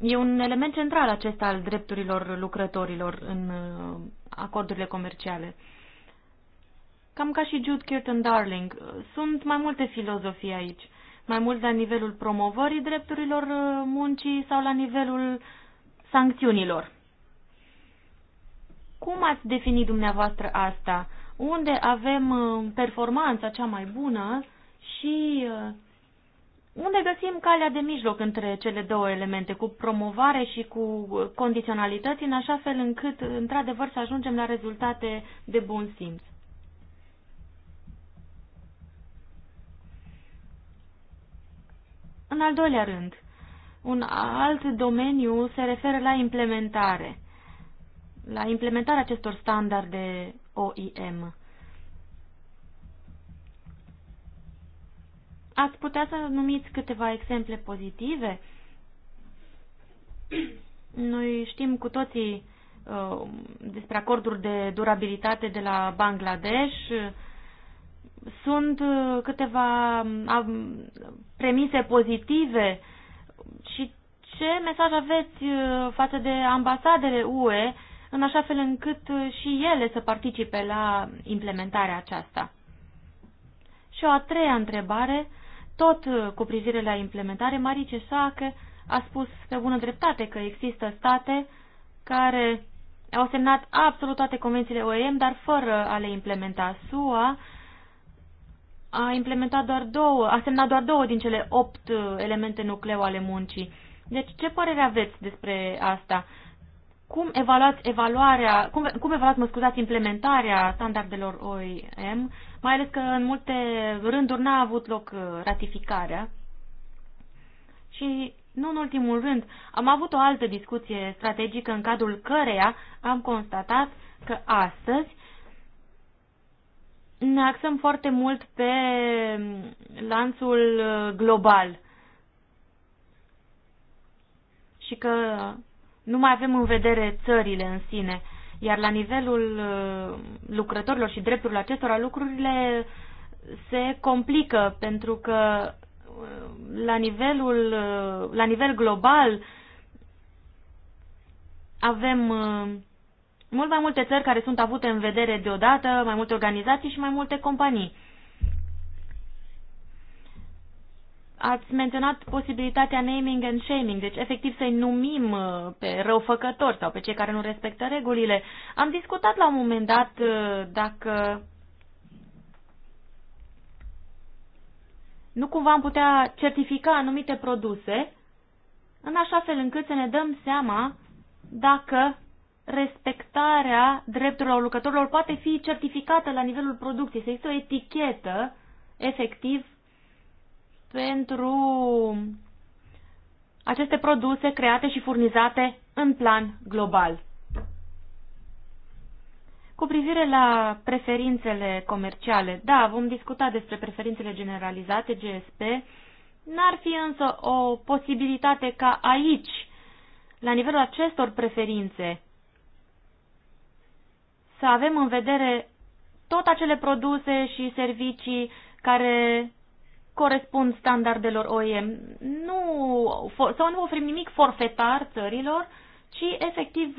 E un element central acesta al drepturilor lucrătorilor în uh, acordurile comerciale. Cam ca și Jude Curtin Darling, uh, sunt mai multe filozofii aici, mai mult la nivelul promovării drepturilor uh, muncii sau la nivelul sancțiunilor. Cum ați definit dumneavoastră asta? Unde avem performanța cea mai bună și unde găsim calea de mijloc între cele două elemente, cu promovare și cu condiționalități, în așa fel încât, într-adevăr, să ajungem la rezultate de bun simț? În al doilea rând, un alt domeniu se referă la implementare, la implementarea acestor standarde OIM. Ați putea să numiți câteva exemple pozitive? Noi știm cu toții uh, despre acorduri de durabilitate de la Bangladesh. Sunt uh, câteva uh, premise pozitive și ce mesaj aveți uh, față de ambasadele UE în așa fel încât uh, și ele să participe la implementarea aceasta? Și o a treia întrebare tot uh, cu privire la implementare, Marice Sache a spus pe bună dreptate că există state care au semnat absolut toate convențiile OEM, dar fără a le implementa. SUA a implementat doar două, a semnat doar două din cele opt uh, elemente nucleu ale muncii. Deci, ce părere aveți despre asta? Cum evaluați evaluarea, cum, cum evaluați, mă scuzați, implementarea standardelor OIM mai ales că în multe rânduri n-a avut loc uh, ratificarea. Și, nu în ultimul rând, am avut o altă discuție strategică în cadrul căreia am constatat că astăzi ne axăm foarte mult pe mm, lanțul uh, global și că nu mai avem în vedere țările în sine. Iar la nivelul uh, lucrătorilor și drepturilor acestora, lucrurile se complică pentru că uh, la, nivelul, uh, la nivel global avem mult mai multe țări care sunt avute în vedere deodată, mai multe organizații și mai multe companii. Ați menționat posibilitatea naming and shaming, deci efectiv să-i numim uh, pe răufăcători sau pe cei care nu respectă regulile. Am discutat la un moment dat uh, dacă nu cumva am putea certifica anumite produse în așa fel încât să ne dăm seama dacă respectarea drepturilor lucrătorilor poate fi certificată la nivelul producției, să există o etichetă efectiv pentru aceste produse create și furnizate în plan global. Cu privire la preferințele comerciale, da, vom discuta despre preferințele generalizate, GSP, n-ar fi însă o posibilitate ca aici, la nivelul acestor preferințe, să avem în vedere tot acele produse și servicii care corespund standardelor OEM. Nu, sau nu oferim nimic forfetar țărilor, ci efectiv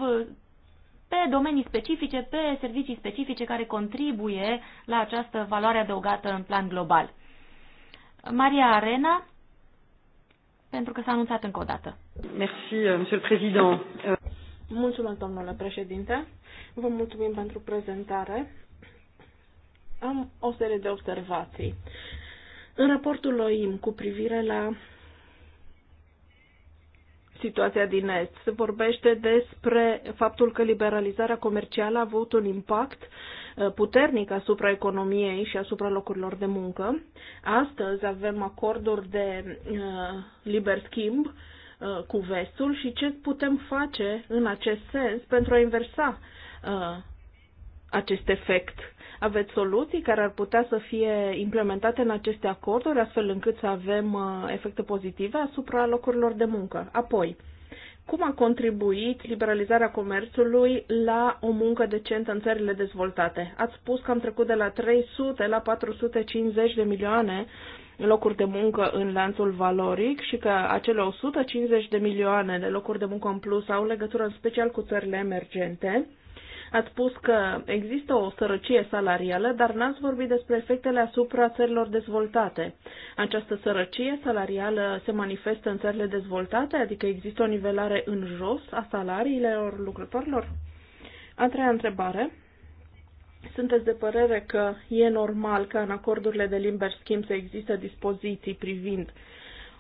pe domenii specifice, pe servicii specifice care contribuie la această valoare adăugată în plan global. Maria Arena, pentru că s-a anunțat încă o dată. Merci, euh, monsieur le président. Euh, mulțumesc, domnule președinte. Vă mulțumim pentru prezentare. Am o serie de observații. În raportul OIM cu privire la situația din Est. Se vorbește despre faptul că liberalizarea comercială a avut un impact uh, puternic asupra economiei și asupra locurilor de muncă. Astăzi avem acorduri de uh, liber schimb uh, cu vestul și ce putem face în acest sens pentru a inversa uh, acest efect aveți soluții care ar putea să fie implementate în aceste acorduri, astfel încât să avem uh, efecte pozitive asupra locurilor de muncă? Apoi, cum a contribuit liberalizarea comerțului la o muncă decentă în țările dezvoltate? Ați spus că am trecut de la 300 la 450 de milioane locuri de muncă în lanțul valoric și că acele 150 de milioane de locuri de muncă în plus au legătură în special cu țările emergente Ați spus că există o sărăcie salarială, dar n-ați vorbit despre efectele asupra țărilor dezvoltate. Această sărăcie salarială se manifestă în țările dezvoltate, adică există o nivelare în jos a salariilor lucrătorilor? A treia întrebare. Sunteți de părere că e normal ca în acordurile de liber schimb să există dispoziții privind uh,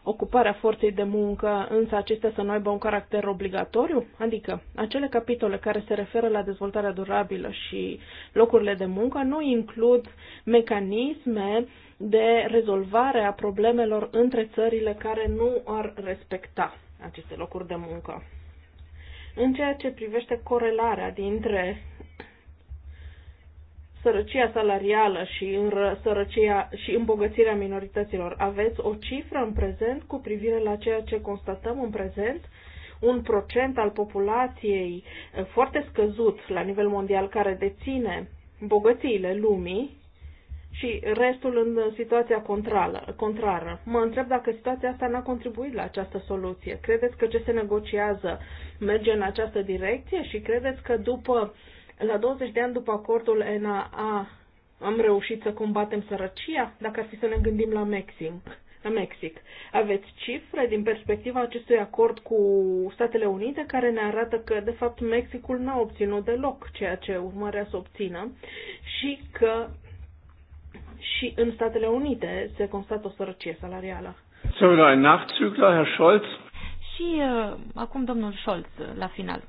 ocuparea forței de muncă, însă acestea să nu aibă un caracter obligatoriu? Adică, acele capitole care se referă la dezvoltarea durabilă și locurile de muncă nu includ mecanisme de rezolvare a problemelor între țările care nu ar respecta aceste locuri de muncă. În ceea ce privește corelarea dintre sărăcia salarială și, în sărăcia, și îmbogățirea minorităților. Aveți o cifră în prezent cu privire la ceea ce constatăm în prezent? Un procent al populației eh, foarte scăzut la nivel mondial care deține bogățiile lumii și restul în situația contrară. contrară. Mă întreb dacă situația asta n-a contribuit la această soluție. Credeți că ce se negociază merge în această direcție și credeți că după uh, la 20 de ani după acordul NAA am reușit să combatem sărăcia? Dacă ar fi să ne gândim la Mexic, la Mexic. Aveți cifre din perspectiva acestui acord cu Statele Unite care ne arată că, de fapt, Mexicul n-a obținut deloc ceea ce urmărea să obțină și că și în Statele Unite se constată o sărăcie salarială. So, ein Nachzügler, Herr Scholz și uh, acum domnul Scholz uh, la final.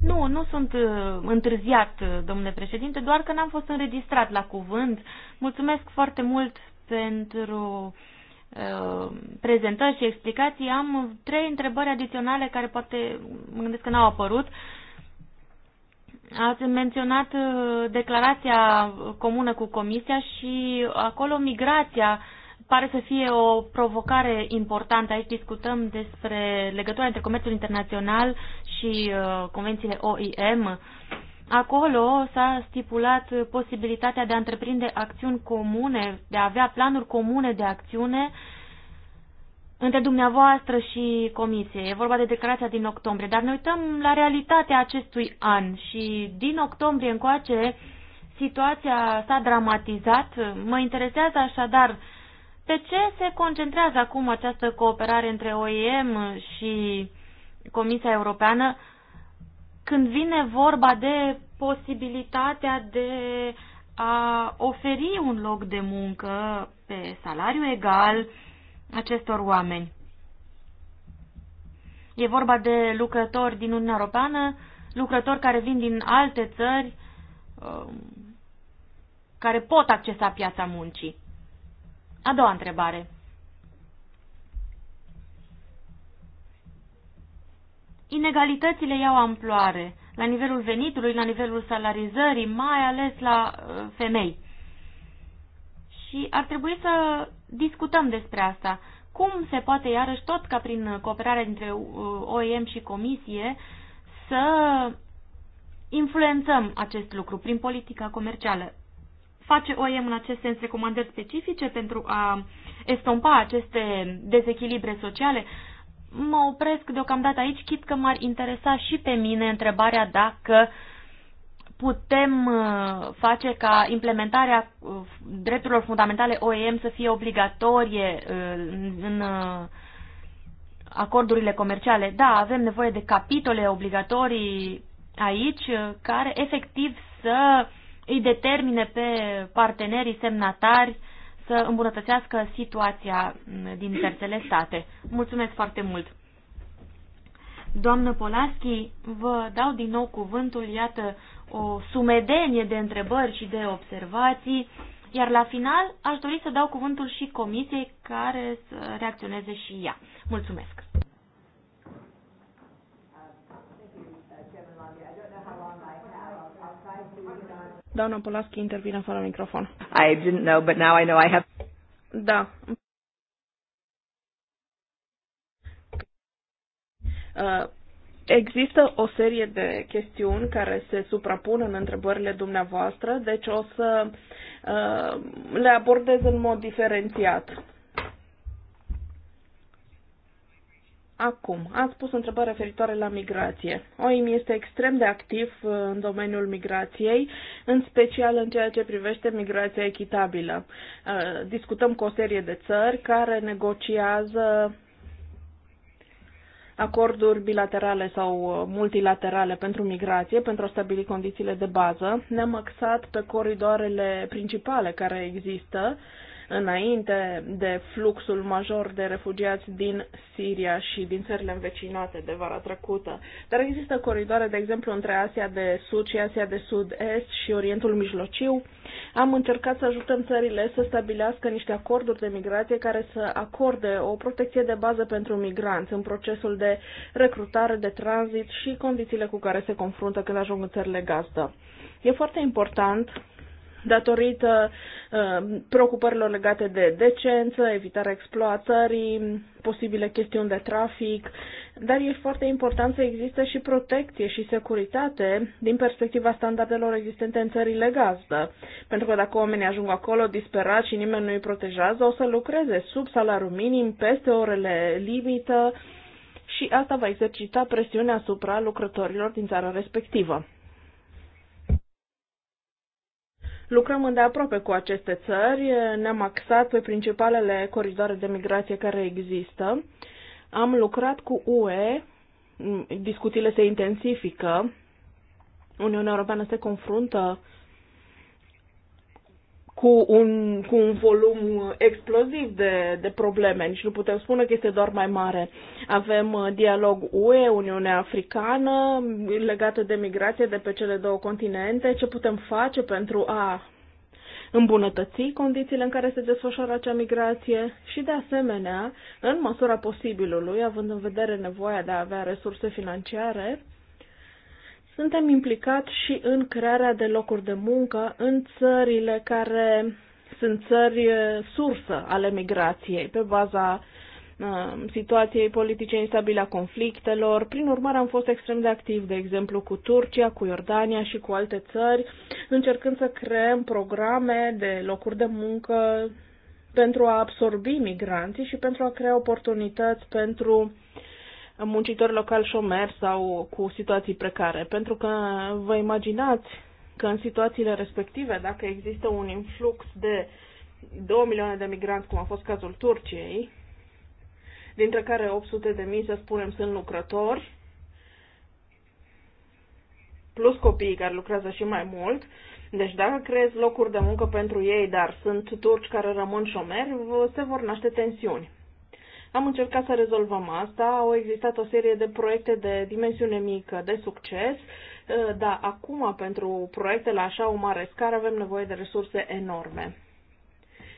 Nu, nu sunt uh, întârziat, uh, domnule președinte, doar că n-am fost înregistrat la cuvânt. Mulțumesc foarte mult pentru uh, prezentări și explicații. Am trei întrebări adiționale care poate mă gândesc că n-au apărut. Ați menționat uh, declarația comună cu Comisia și acolo migrația uh, pare să fie o provocare importantă. Aici discutăm despre legătura între comerțul internațional și uh, convențiile OIM. Acolo s-a stipulat posibilitatea de a întreprinde acțiuni comune, de a avea planuri comune de acțiune între dumneavoastră și comisie. E vorba de declarația din octombrie, dar ne uităm la realitatea acestui an și din octombrie încoace situația s-a dramatizat. Mă interesează așadar uh, pe ce se concentrează acum această cooperare între OIM și Comisia Europeană când vine vorba de posibilitatea de a oferi un loc de muncă pe salariu egal acestor oameni? E vorba de lucrători din Uniunea Europeană, lucrători care vin din alte țări, um, care pot accesa piața muncii. A doua întrebare. Inegalitățile iau amploare la nivelul venitului, la nivelul salarizării, mai ales la uh, femei. Și ar trebui să discutăm despre asta. Cum se poate, iarăși, tot ca prin cooperarea dintre uh, OEM și Comisie, să influențăm acest lucru prin politica comercială? Face oem în acest sens recomandări specifice pentru a estompa aceste dezechilibre sociale? Mă opresc deocamdată aici, chit că m-ar interesa și pe mine întrebarea dacă putem uh, face ca implementarea uh, drepturilor fundamentale OEM să fie obligatorie uh, în acordurile comerciale. Da, avem nevoie de capitole obligatorii aici care efectiv să uh, îi determine pe partenerii semnatari să îmbunătățească situația mm, din terțele state. Mulțumesc foarte mult! Doamnă Polaschi, vă dau din nou cuvântul, iată, o sumedenie de întrebări și de observații, iar la final aș dori să dau cuvântul și comisiei care să reacționeze și ea. Mulțumesc! Doamna Polaschi intervine fără microfon. I didn't know, but now I know I have... Da. Uh, Există o serie de chestiuni care se suprapun în întrebările dumneavoastră, deci o să uh, le abordez în mod diferențiat. Acum, ați pus o întrebare referitoare la migrație. OIM este extrem de activ uh, în domeniul migrației, în special în ceea ce privește migrația echitabilă. Uh, discutăm cu o serie de țări care negociază acorduri bilaterale sau uh, multilaterale pentru migrație, pentru a stabili condițiile de bază. Ne-am axat pe coridoarele principale care există înainte de fluxul major de refugiați din Siria și din țările învecinate de vara trecută. Dar există coridoare, de exemplu, între Asia de Sud și Asia de Sud-Est și Orientul Mijlociu. Am încercat să ajutăm țările să stabilească niște acorduri de migrație care să acorde o protecție de bază pentru migranți în procesul de recrutare, de tranzit și condițiile cu care se confruntă când ajung în țările gazdă. E foarte important datorită uh, preocupărilor legate de decență, evitarea exploatării, posibile chestiuni de trafic, dar e foarte important să există și protecție și securitate din perspectiva standardelor existente în țările gazdă. Pentru că dacă oamenii ajung acolo disperați și nimeni nu îi protejează, o să lucreze sub salariu minim, peste orele limită și asta va exercita presiunea asupra lucrătorilor din țara respectivă. Lucrăm îndeaproape cu aceste țări, ne-am axat pe principalele coridoare de migrație care există. Am lucrat cu UE, discuțiile se intensifică, Uniunea Europeană se confruntă cu un, cu un volum exploziv de, de probleme. Nici nu putem spune că este doar mai mare. Avem uh, dialog UE, Uniunea Africană, legată de migrație de pe cele două continente. Ce putem face pentru a îmbunătăți condițiile în care se desfășoară acea migrație și, de asemenea, în măsura posibilului, având în vedere nevoia de a avea resurse financiare, suntem implicați și în crearea de locuri de muncă în țările care sunt țări uh, sursă ale migrației, pe baza uh, situației politice instabile a conflictelor. Prin urmare, am fost extrem de activ, de exemplu, cu Turcia, cu Iordania și cu alte țări, încercând să creăm programe de locuri de muncă pentru a absorbi migranții și pentru a crea oportunități pentru uh, muncitor local șomer sau cu situații precare. Pentru că vă imaginați că în situațiile respective, dacă există un influx de 2 milioane de migranți, cum a fost cazul Turciei, dintre care 800 de mii, să spunem, sunt lucrători, plus copiii care lucrează și mai mult. Deci dacă creezi locuri de muncă pentru ei, dar sunt turci care rămân șomeri, se vor naște tensiuni. Am încercat să rezolvăm asta, au existat o serie de proiecte de dimensiune mică, de succes, uh, dar acum pentru proiecte la așa o mare scară avem nevoie de resurse enorme.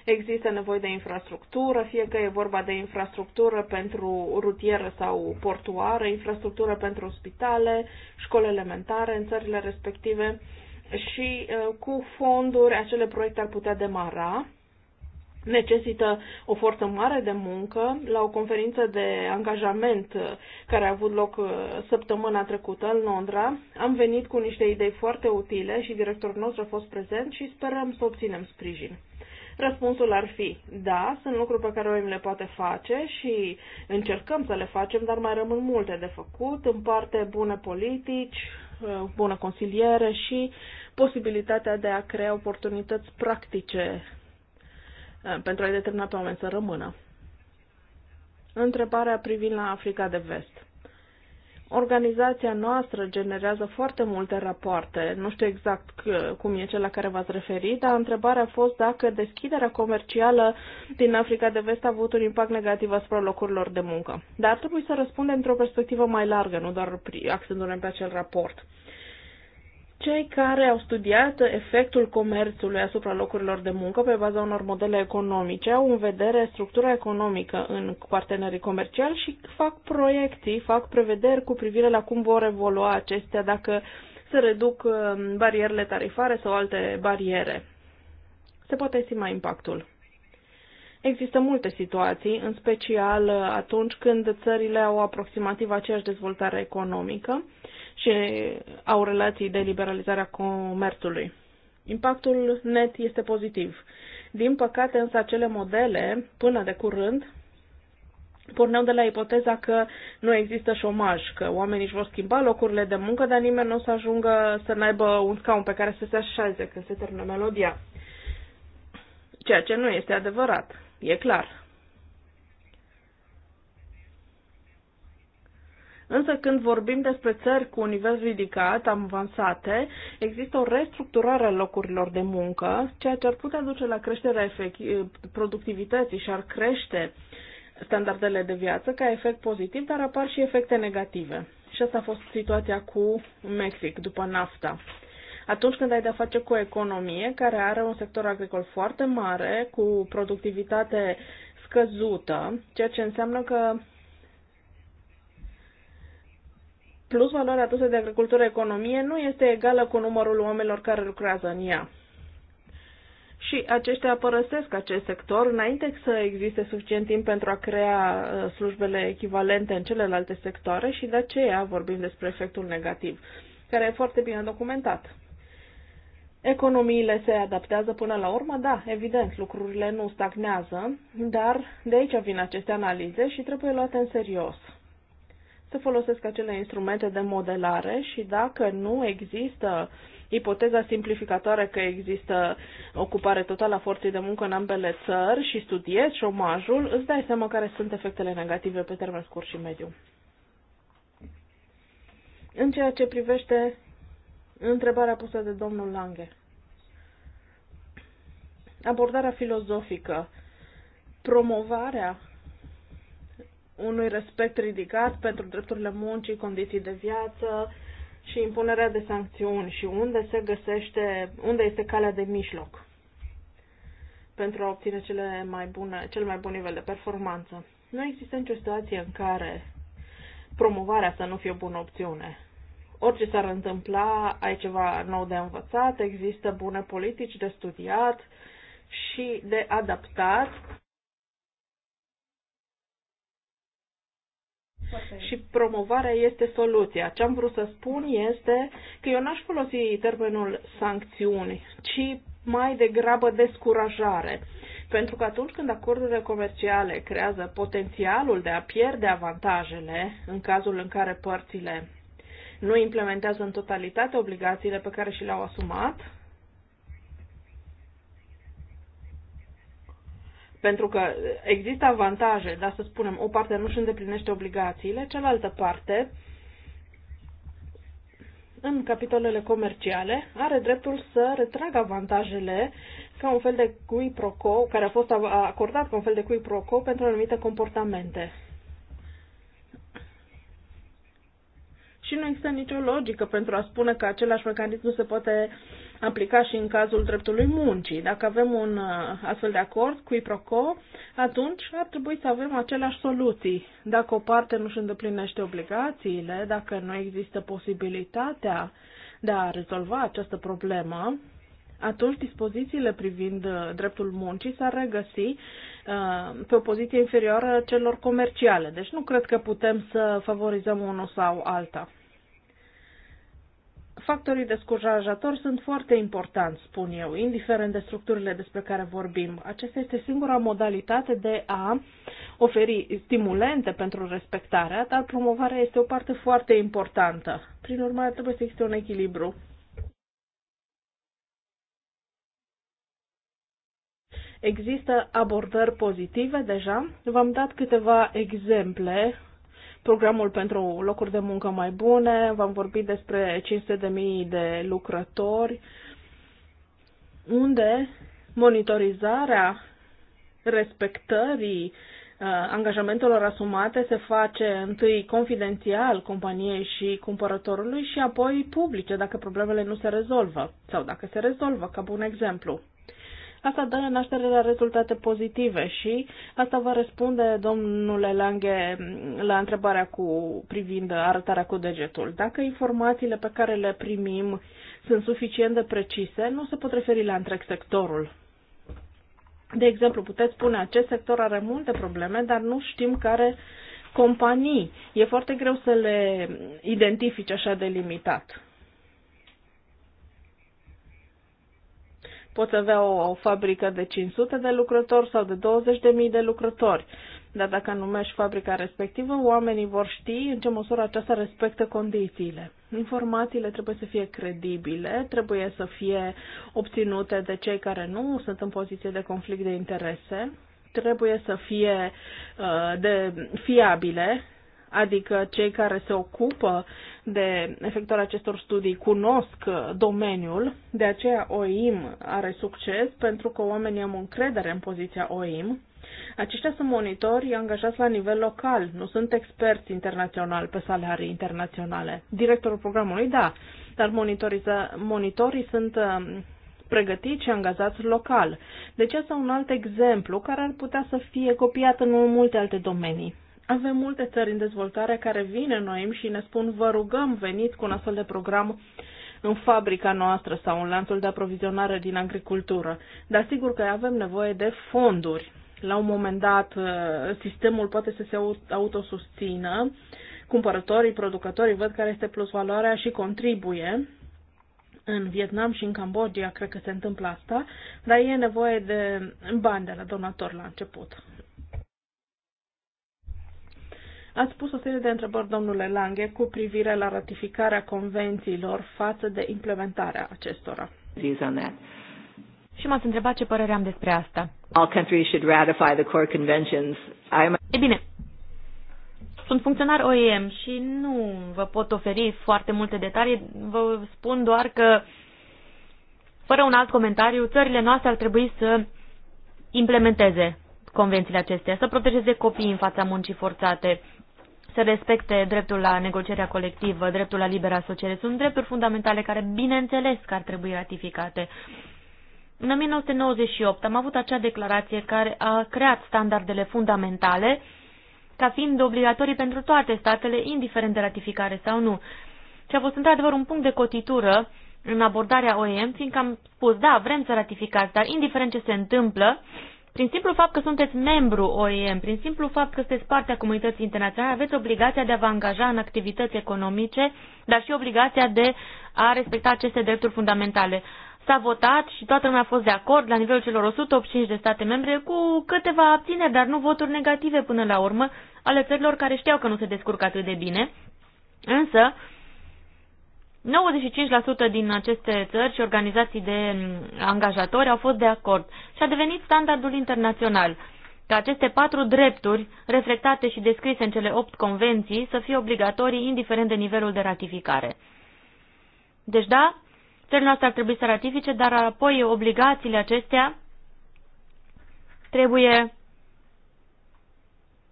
Există nevoie de infrastructură, fie că e vorba de infrastructură pentru rutieră sau portuară, infrastructură pentru spitale, școli elementare în țările respective și uh, cu fonduri acele proiecte ar putea demara necesită o forță mare de muncă. La o conferință de angajament care a avut loc uh, săptămâna trecută în Londra, am venit cu niște idei foarte utile și directorul nostru a fost prezent și sperăm să obținem sprijin. Răspunsul ar fi, da, sunt lucruri pe care OIM le poate face și încercăm să le facem, dar mai rămân multe de făcut, în parte bune politici, uh, bună consiliere și posibilitatea de a crea oportunități practice Uh, pentru a-i determina pe oameni să rămână. Întrebarea privind la Africa de Vest. Organizația noastră generează foarte multe rapoarte. Nu știu exact cum e cel la care v-ați referit, dar întrebarea a fost dacă deschiderea comercială din Africa de Vest a avut un impact negativ asupra locurilor de muncă. Dar trebuie să răspundem într-o perspectivă mai largă, nu doar axându-ne pe acel raport cei care au studiat efectul comerțului asupra locurilor de muncă pe baza unor modele economice au în vedere structura economică în partenerii comerciali și fac proiecții, fac prevederi cu privire la cum vor evolua acestea dacă se reduc uh, barierele tarifare sau alte bariere. Se poate estima impactul. Există multe situații, în special uh, atunci când țările au aproximativ aceeași dezvoltare economică, și au relații de liberalizare a comerțului. Impactul net este pozitiv. Din păcate, însă, acele modele, până de curând, porneau de la ipoteza că nu există șomaj, că oamenii își vor schimba locurile de muncă, dar nimeni nu o să ajungă să n-aibă un scaun pe care să se așeze când se termină melodia. Ceea ce nu este adevărat, e clar. Însă când vorbim despre țări cu un nivel ridicat, avansate, există o restructurare a locurilor de muncă, ceea ce ar putea duce la creșterea productivității și ar crește standardele de viață ca efect pozitiv, dar apar și efecte negative. Și asta a fost situația cu Mexic după NAFTA. Atunci când ai de-a face cu o economie care are un sector agricol foarte mare, cu productivitate scăzută, ceea ce înseamnă că plus valoarea adusă de agricultură-economie nu este egală cu numărul oamenilor care lucrează în ea. Și aceștia părăsesc acest sector înainte să existe suficient timp pentru a crea uh, slujbele echivalente în celelalte sectoare și de aceea vorbim despre efectul negativ, care e foarte bine documentat. Economiile se adaptează până la urmă? Da, evident, lucrurile nu stagnează, dar de aici vin aceste analize și trebuie luate în serios să folosesc acele instrumente de modelare și dacă nu există ipoteza simplificatoare că există ocupare totală a forței de muncă în ambele țări și studiezi șomajul, îți dai seama care sunt efectele negative pe termen scurt și mediu. În ceea ce privește întrebarea pusă de domnul Lange, abordarea filozofică, promovarea unui respect ridicat pentru drepturile muncii, condiții de viață și impunerea de sancțiuni și unde se găsește, unde este calea de mijloc pentru a obține cele mai bune, cel mai bun nivel de performanță. Nu există nicio situație în care promovarea să nu fie o bună opțiune. Orice s-ar întâmpla, ai ceva nou de învățat, există bune politici de studiat și de adaptat și promovarea este soluția. Ce am vrut să spun este că eu n-aș folosi termenul sancțiuni, ci mai degrabă descurajare. Pentru că atunci când acordurile comerciale creează potențialul de a pierde avantajele în cazul în care părțile nu implementează în totalitate obligațiile pe care și le-au asumat, Pentru că există avantaje, dar să spunem, o parte nu își îndeplinește obligațiile, cealaltă parte, în capitolele comerciale, are dreptul să retragă avantajele ca un fel de cui proco, care a fost acordat ca un fel de cui proco pentru anumite comportamente. Și nu există nicio logică pentru a spune că același mecanism se poate uh, aplica și în cazul dreptului muncii. Dacă avem un uh, astfel de acord cu IPROCO, atunci ar trebui să avem aceleași soluții. Dacă o parte nu își îndeplinește obligațiile, dacă nu există posibilitatea de a rezolva această problemă, atunci dispozițiile privind uh, dreptul muncii s-ar regăsi uh, pe o poziție inferioară celor comerciale. Deci nu cred că putem să favorizăm unul sau alta. Factorii descurajatori sunt foarte importanți, spun eu, indiferent de structurile despre care vorbim. Aceasta este singura modalitate de a oferi stimulente pentru respectarea, dar promovarea este o parte foarte importantă. Prin urmare, trebuie să existe un echilibru. Există abordări pozitive deja. V-am dat câteva exemple programul pentru locuri de muncă mai bune, v-am vorbit despre 500.000 de lucrători, unde monitorizarea respectării uh, angajamentelor asumate se face întâi confidențial companiei și cumpărătorului și apoi publice dacă problemele nu se rezolvă sau dacă se rezolvă, ca bun exemplu. Asta dă naștere la rezultate pozitive și asta va răspunde, domnule Lange, la întrebarea cu privind arătarea cu degetul. Dacă informațiile pe care le primim sunt suficient de precise, nu se pot referi la întreg sectorul. De exemplu, puteți spune, acest sector are multe probleme, dar nu știm care companii. E foarte greu să le identifici așa de limitat. Poți avea o, o fabrică de 500 de lucrători sau de 20.000 de lucrători. Dar dacă numești fabrica respectivă, oamenii vor ști în ce măsură aceasta respectă condițiile. Informațiile trebuie să fie credibile, trebuie să fie obținute de cei care nu sunt în poziție de conflict de interese, trebuie să fie uh, de fiabile, adică cei care se ocupă de efectuarea acestor studii cunosc uh, domeniul, de aceea OIM are succes pentru că oamenii au încredere în poziția OIM. Aceștia sunt monitori angajați la nivel local, nu sunt experți internaționali pe salarii internaționale. Directorul programului, da, dar monitorii sunt um, pregătiți și angajați local. Deci asta un alt exemplu care ar putea să fie copiat în multe alte domenii. Avem multe țări în dezvoltare care vin în noi și ne spun vă rugăm veniți cu un astfel de program în fabrica noastră sau în lanțul de aprovizionare din agricultură. Dar sigur că avem nevoie de fonduri. La un moment dat uh, sistemul poate să se autosustină, cumpărătorii, producătorii văd care este plus valoarea și contribuie. În Vietnam și în Cambodgia cred că se întâmplă asta, dar e nevoie de bani de la donator la început. Ați pus o serie de întrebări, domnule Lange, cu privire la ratificarea convențiilor față de implementarea acestora. Și m-ați întrebat ce părere am despre asta. All countries should ratify the core conventions. I'm... E bine, sunt funcționar OEM și nu vă pot oferi foarte multe detalii. Vă spun doar că, fără un alt comentariu, țările noastre ar trebui să implementeze convențiile acestea, să protejeze copiii în fața muncii forțate, se respecte dreptul la negocierea colectivă, dreptul la libera asociere. Sunt drepturi fundamentale care, bineînțeles, că ar trebui ratificate. În 1998 am avut acea declarație care a creat standardele fundamentale ca fiind obligatorii pentru toate statele, indiferent de ratificare sau nu. Și a fost într-adevăr un punct de cotitură în abordarea OEM, fiindcă am spus, da, vrem să ratificați, dar indiferent ce se întâmplă, uh, prin simplu fapt că sunteți membru OIM, prin simplu fapt că sunteți parte a comunității internaționale, aveți obligația de a vă angaja în activități economice, dar și obligația de a respecta aceste drepturi fundamentale. S-a votat și toată lumea a fost de acord la nivelul celor 185 de state membre cu câteva abțineri, dar nu voturi negative până la urmă ale țărilor care știau că nu se descurcă atât de bine. Însă, 95% din aceste țări și organizații de mm, angajatori au fost de acord și a devenit standardul internațional ca aceste patru drepturi, reflectate și descrise în cele opt convenții, să fie obligatorii indiferent de nivelul de ratificare. Deci da, țările noastre ar trebui să ratifice, dar apoi obligațiile acestea trebuie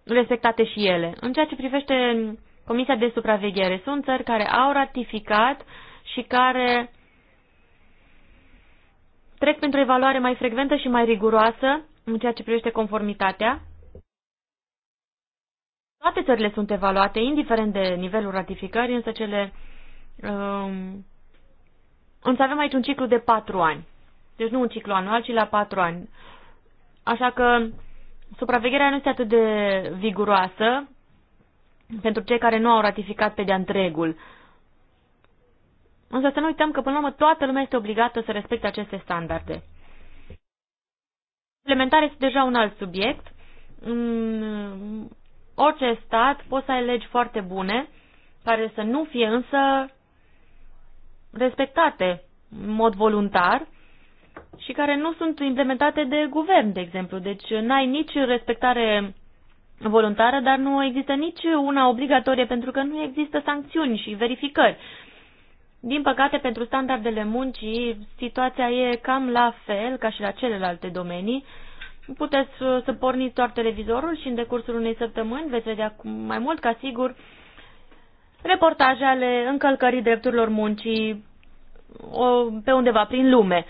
respectate și ele. În ceea ce privește mm, Comisia de Supraveghere. Sunt țări care au ratificat și care trec pentru o evaluare mai frecventă și mai riguroasă în ceea ce privește conformitatea. Toate țările sunt evaluate, indiferent de nivelul ratificării, însă cele... Um, însă avem aici un ciclu de patru ani. Deci nu un ciclu anual, ci la patru ani. Așa că supravegherea nu este atât de viguroasă, pentru cei care nu au ratificat pe de-a întregul. Însă să nu uităm că, până la urmă, toată lumea este obligată să respecte aceste standarde. Implementarea este deja un alt subiect. În orice stat poți să ai legi foarte bune, care să nu fie însă respectate în mod voluntar și care nu sunt implementate de guvern, de exemplu. Deci n-ai nici respectare voluntară, dar nu există nici una obligatorie pentru că nu există sancțiuni și verificări. Din păcate, pentru standardele muncii, situația e cam la fel ca și la celelalte domenii. Puteți să porniți doar televizorul și în decursul unei săptămâni veți vedea mai mult ca sigur reportaje ale încălcării drepturilor muncii pe undeva prin lume.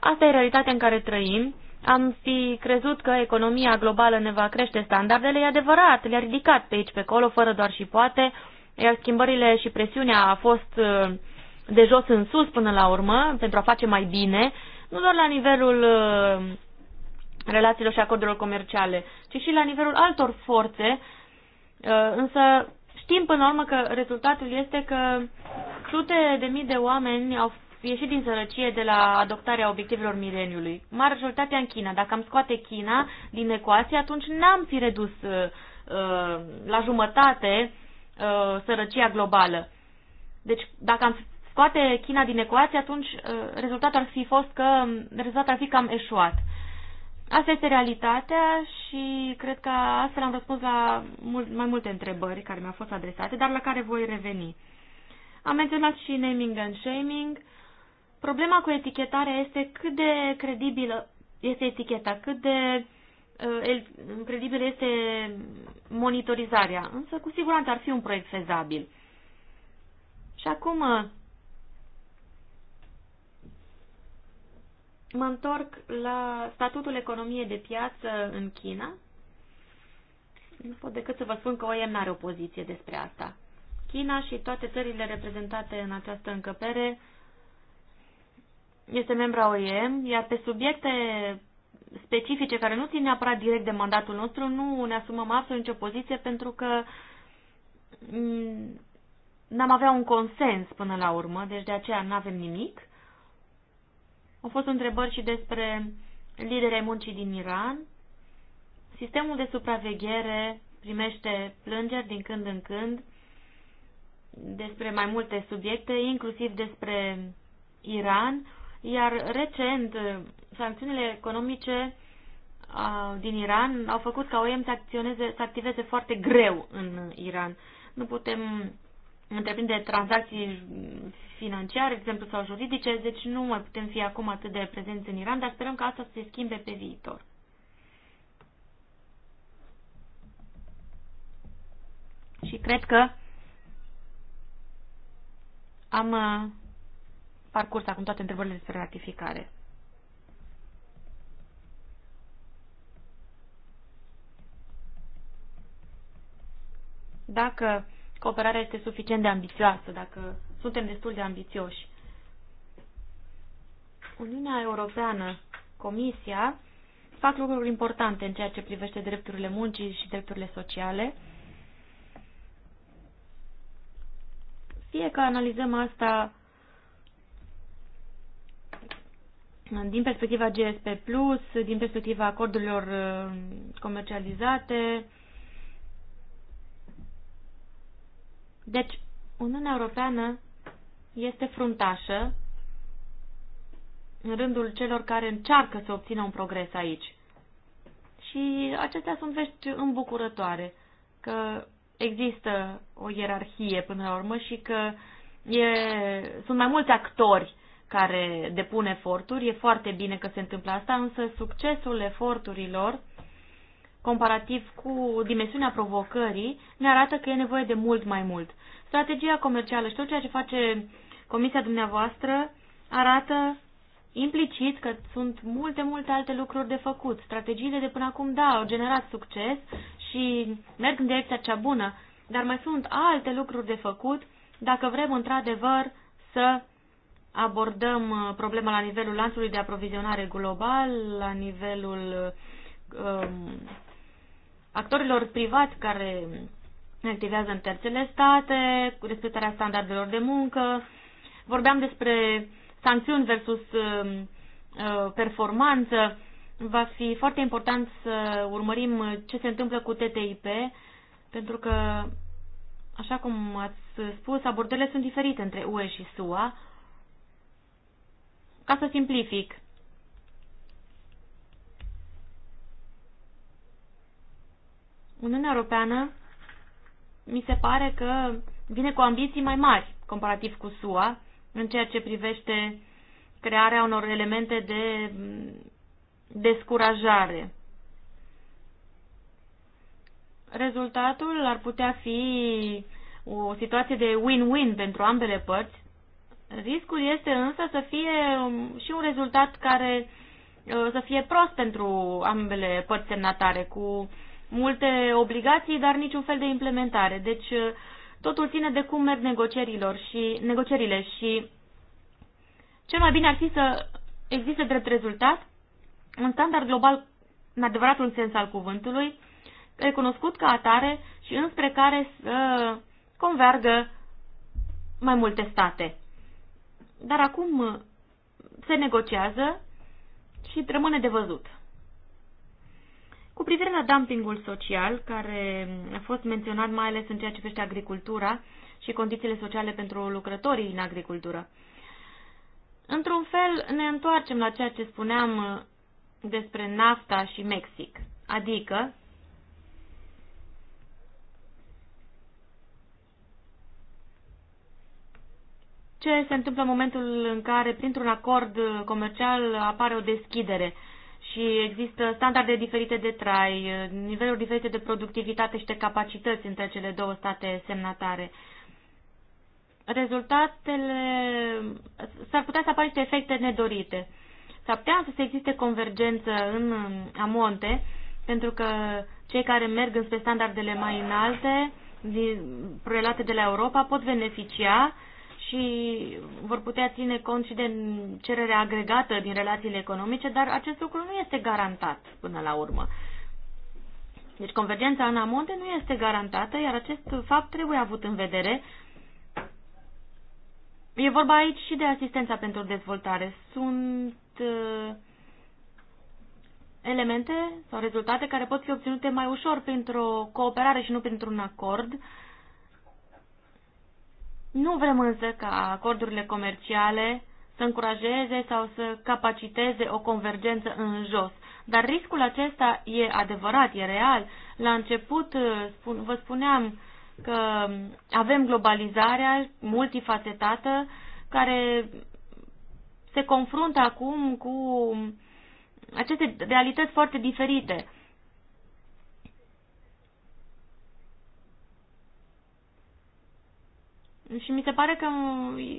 Asta e realitatea în care trăim am fi crezut că economia globală ne va crește standardele, e adevărat, le-a ridicat pe aici, pe acolo, fără doar și poate, iar schimbările și presiunea a fost uh, de jos în sus până la urmă, pentru a face mai bine, nu doar la nivelul uh, relațiilor și acordurilor comerciale, ci și la nivelul altor forțe, uh, însă știm până la urmă că rezultatul este că sute de mii de oameni au ieșit din sărăcie de la adoptarea obiectivelor mileniului. Majoritatea în China. Dacă am scoate China din ecuație, atunci n-am fi redus uh, uh, la jumătate uh, sărăcia globală. Deci, dacă am scoate China din ecuație, atunci uh, rezultatul ar fi fost că rezultatul ar fi cam eșuat. Asta este realitatea și cred că astfel am răspuns la mult, mai multe întrebări care mi-au fost adresate, dar la care voi reveni. Am menționat și naming and shaming. Uh, Problema cu etichetarea este cât de credibilă este eticheta, cât de uh, credibilă este monitorizarea, însă cu siguranță ar fi un proiect fezabil. Și acum uh, mă întorc la statutul economiei de piață în China. Nu pot decât să vă spun că OEM nu are o poziție despre asta. China și toate țările reprezentate în această încăpere este membra OIM, iar pe subiecte specifice care nu țin neapărat direct de mandatul nostru, nu ne asumăm absolut nicio poziție pentru că mm, n-am avea un consens până la urmă, deci de aceea nu avem nimic. Au fost întrebări și despre liderii muncii din Iran. Sistemul de supraveghere primește plângeri din când în când despre mai multe subiecte, inclusiv despre Iran. Iar recent, uh, sancțiunile economice uh, din Iran au făcut ca OIM să, acționeze, să activeze foarte greu în Iran. Nu putem întreprinde tranzacții financiare, de exemplu, sau juridice, deci nu mai putem fi acum atât de prezenți în Iran, dar sperăm că asta să se schimbe pe viitor. Și cred că am uh, parcurs acum toate întrebările despre ratificare. Dacă cooperarea este suficient de ambițioasă, dacă suntem destul de ambițioși. Uniunea Europeană, Comisia, fac lucruri importante în ceea ce privește drepturile muncii și drepturile sociale. Fie că analizăm asta din perspectiva GSP+, plus, din perspectiva acordurilor uh, comercializate. Deci, Uniunea Europeană este fruntașă în rândul celor care încearcă să obțină un progres aici. Și acestea sunt vești îmbucurătoare, că există o ierarhie până la urmă și că e, sunt mai mulți actori care depun eforturi. E foarte bine că se întâmplă asta, însă succesul eforturilor, comparativ cu dimensiunea provocării, ne arată că e nevoie de mult mai mult. Strategia comercială și tot ceea ce face comisia dumneavoastră arată implicit că sunt multe, multe alte lucruri de făcut. Strategiile de până acum, da, au generat succes și merg în direcția cea bună, dar mai sunt alte lucruri de făcut dacă vrem într-adevăr să abordăm uh, problema la nivelul lanțului de aprovizionare global, la nivelul um, actorilor privați care activează în terțele state, cu respectarea standardelor de muncă. Vorbeam despre sancțiuni versus um, uh, performanță. Va fi foarte important să urmărim ce se întâmplă cu TTIP, pentru că, așa cum ați spus, abordările sunt diferite între UE și SUA. Ca să simplific, Uniunea Europeană mi se pare că vine cu ambiții mai mari comparativ cu SUA în ceea ce privește crearea unor elemente de descurajare. Rezultatul ar putea fi o situație de win-win pentru ambele părți, Riscul este însă să fie um, și un rezultat care uh, să fie prost pentru ambele părți semnatare, cu multe obligații, dar niciun fel de implementare. Deci uh, totul ține de cum merg negocierilor și negocierile și cel mai bine ar fi să existe drept rezultat un standard global în adevăratul sens al cuvântului, recunoscut ca atare și înspre care să convergă mai multe state. Dar acum uh, se negociază și rămâne de văzut. Cu privire la dumpingul social, care a fost menționat mai ales în ceea ce privește agricultura și condițiile sociale pentru lucrătorii în agricultură, într-un fel ne întoarcem la ceea ce spuneam uh, despre NAFTA și Mexic, adică ce se întâmplă în momentul în care, printr-un acord comercial, apare o deschidere și există standarde diferite de trai, niveluri diferite de productivitate și de capacități între cele două state semnatare. Rezultatele... s-ar putea să apară niște efecte nedorite. S-ar putea să existe convergență în amonte, pentru că cei care merg înspre standardele mai înalte, prelate de la Europa, pot beneficia și vor putea ține cont și de cererea agregată din relațiile economice, dar acest lucru nu este garantat până la urmă. Deci convergența în amonte nu este garantată, iar acest fapt trebuie avut în vedere. E vorba aici și de asistența pentru dezvoltare. Sunt uh, elemente sau rezultate care pot fi obținute mai ușor printr-o cooperare și nu printr-un acord. Uh, nu vrem însă ca acordurile comerciale să încurajeze sau să capaciteze o convergență în jos. Dar riscul acesta e adevărat, e real. La început uh, spun, vă spuneam că avem globalizarea multifacetată care se confruntă acum cu aceste realități foarte diferite. și mi se pare că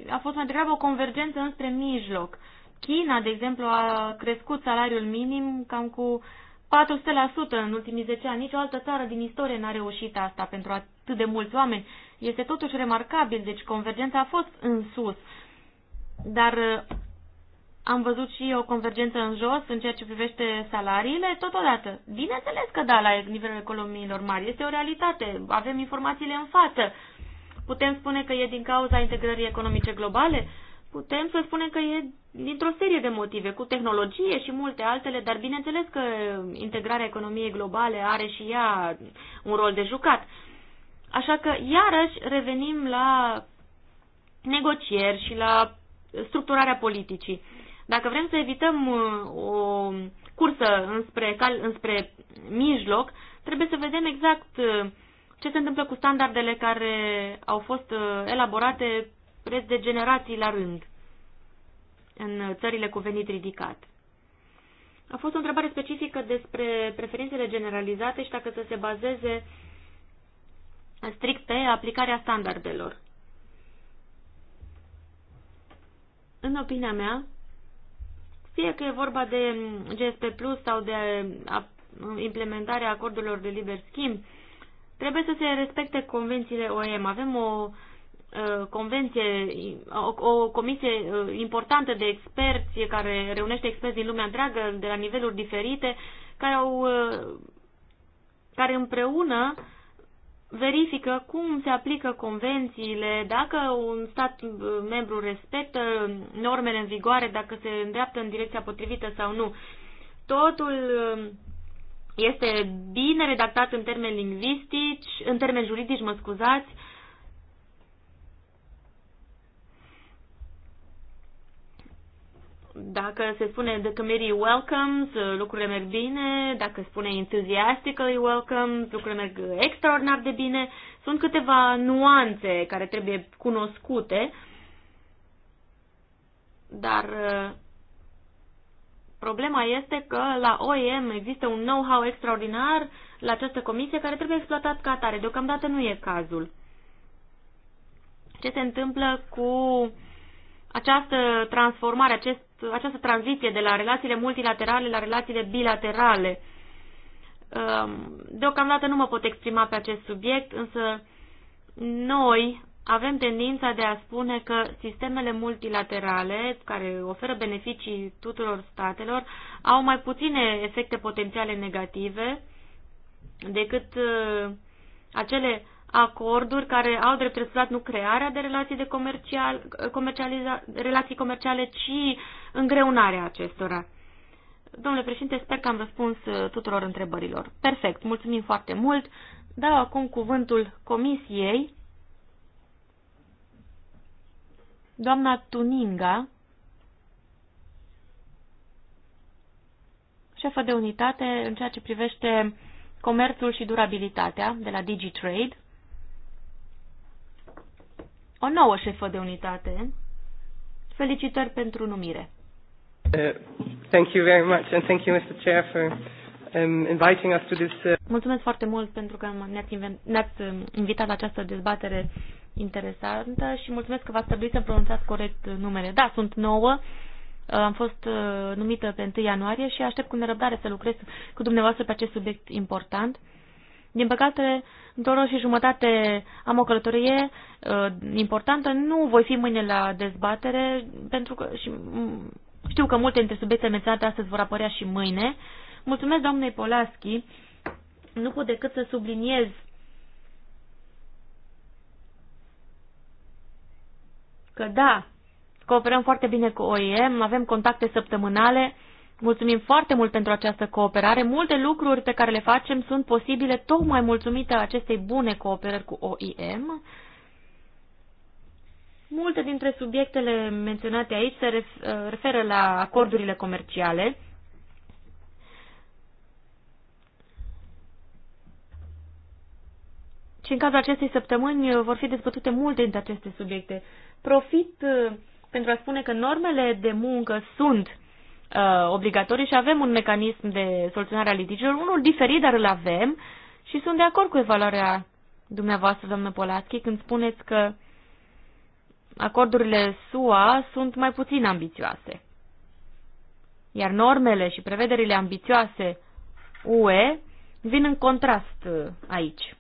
a fost mai degrabă o convergență înspre mijloc. China, de exemplu, a crescut salariul minim cam cu 400% în ultimii 10 ani. Nici o altă țară din istorie n-a reușit asta pentru atât de mulți oameni. Este totuși remarcabil, deci convergența a fost în sus. Dar uh, am văzut și o convergență în jos în ceea ce privește salariile, totodată. Bineînțeles că da, la nivelul economiilor mari, este o realitate, avem informațiile în față. Putem spune că e din cauza integrării economice globale? Putem să spunem că e dintr-o serie de motive, cu tehnologie și multe altele, dar bineînțeles că integrarea economiei globale are și ea un rol de jucat. Așa că, iarăși, revenim la negocieri și la structurarea politicii. Dacă vrem să evităm uh, o cursă înspre, cal, înspre mijloc, trebuie să vedem exact uh, ce se întâmplă cu standardele care au fost uh, elaborate preț de generații la rând în țările cu venit ridicat? A fost o întrebare specifică despre preferințele generalizate și dacă să se bazeze strict pe aplicarea standardelor. În opinia mea, fie că e vorba de GSP Plus sau de uh, implementarea acordurilor de liber schimb, Trebuie să se respecte convențiile OEM. Avem o uh, convenție, o, o comisie uh, importantă de experți care reunește experți din lumea întreagă, de la niveluri diferite, care, au, uh, care împreună verifică cum se aplică convențiile, dacă un stat membru respectă normele în vigoare, dacă se îndreaptă în direcția potrivită sau nu. Totul este bine redactat în termeni lingvistici, în termeni juridici, mă scuzați. Dacă se spune the committee welcomes, lucrurile merg bine, dacă spune enthusiastically welcomes, lucrurile merg extraordinar de bine. Sunt câteva nuanțe care trebuie cunoscute, dar Problema este că la OEM există un know-how extraordinar la această comisie care trebuie exploatat ca atare. Deocamdată nu e cazul. Ce se întâmplă cu această transformare, acest, această tranziție de la relațiile multilaterale la relațiile bilaterale? Um, deocamdată nu mă pot exprima pe acest subiect, însă noi avem tendința de a spune că sistemele multilaterale, care oferă beneficii tuturor statelor, au mai puține efecte potențiale negative decât uh, acele acorduri care au drept rezultat nu crearea de relații, de comercial, uh, relații comerciale, ci îngreunarea acestora. Domnule președinte, sper că am răspuns uh, tuturor întrebărilor. Perfect, mulțumim foarte mult. Dau acum cuvântul comisiei. doamna Tuninga, șefă de unitate în ceea ce privește comerțul și durabilitatea de la DigiTrade, o nouă șefă de unitate. Felicitări pentru numire. Uh, thank you very much and thank you, Mr. Chair, for um, inviting us to this. Uh... Mulțumesc foarte mult pentru că ne-ați, ne um, -ați invitat la această dezbatere interesantă și mulțumesc că v-ați stabilit să pronunțați corect numele. Da, sunt nouă. Am fost uh, numită pe 1 ianuarie și aștept cu nerăbdare să lucrez cu dumneavoastră pe acest subiect important. Din păcate, într-o oră și jumătate am o călătorie uh, importantă. Nu voi fi mâine la dezbatere, pentru că și, mm, știu că multe dintre subiectele menționate astăzi vor apărea și mâine. Mulțumesc doamnei Polaschi. Nu pot decât să subliniez că da, cooperăm foarte bine cu OEM, avem contacte săptămânale, mulțumim foarte mult pentru această cooperare. Multe lucruri pe care le facem sunt posibile tocmai mulțumită acestei bune cooperări cu OEM, Multe dintre subiectele menționate aici se referă la acordurile comerciale. și în cadrul acestei săptămâni uh, vor fi dezbătute multe dintre aceste subiecte. Profit uh, pentru a spune că normele de muncă sunt uh, obligatorii și avem un mecanism de soluționare a litigiilor, unul diferit, dar îl avem și sunt de acord cu evaluarea dumneavoastră, doamnă Polaschi, când spuneți că acordurile SUA sunt mai puțin ambițioase. Iar normele și prevederile ambițioase UE vin în contrast uh, aici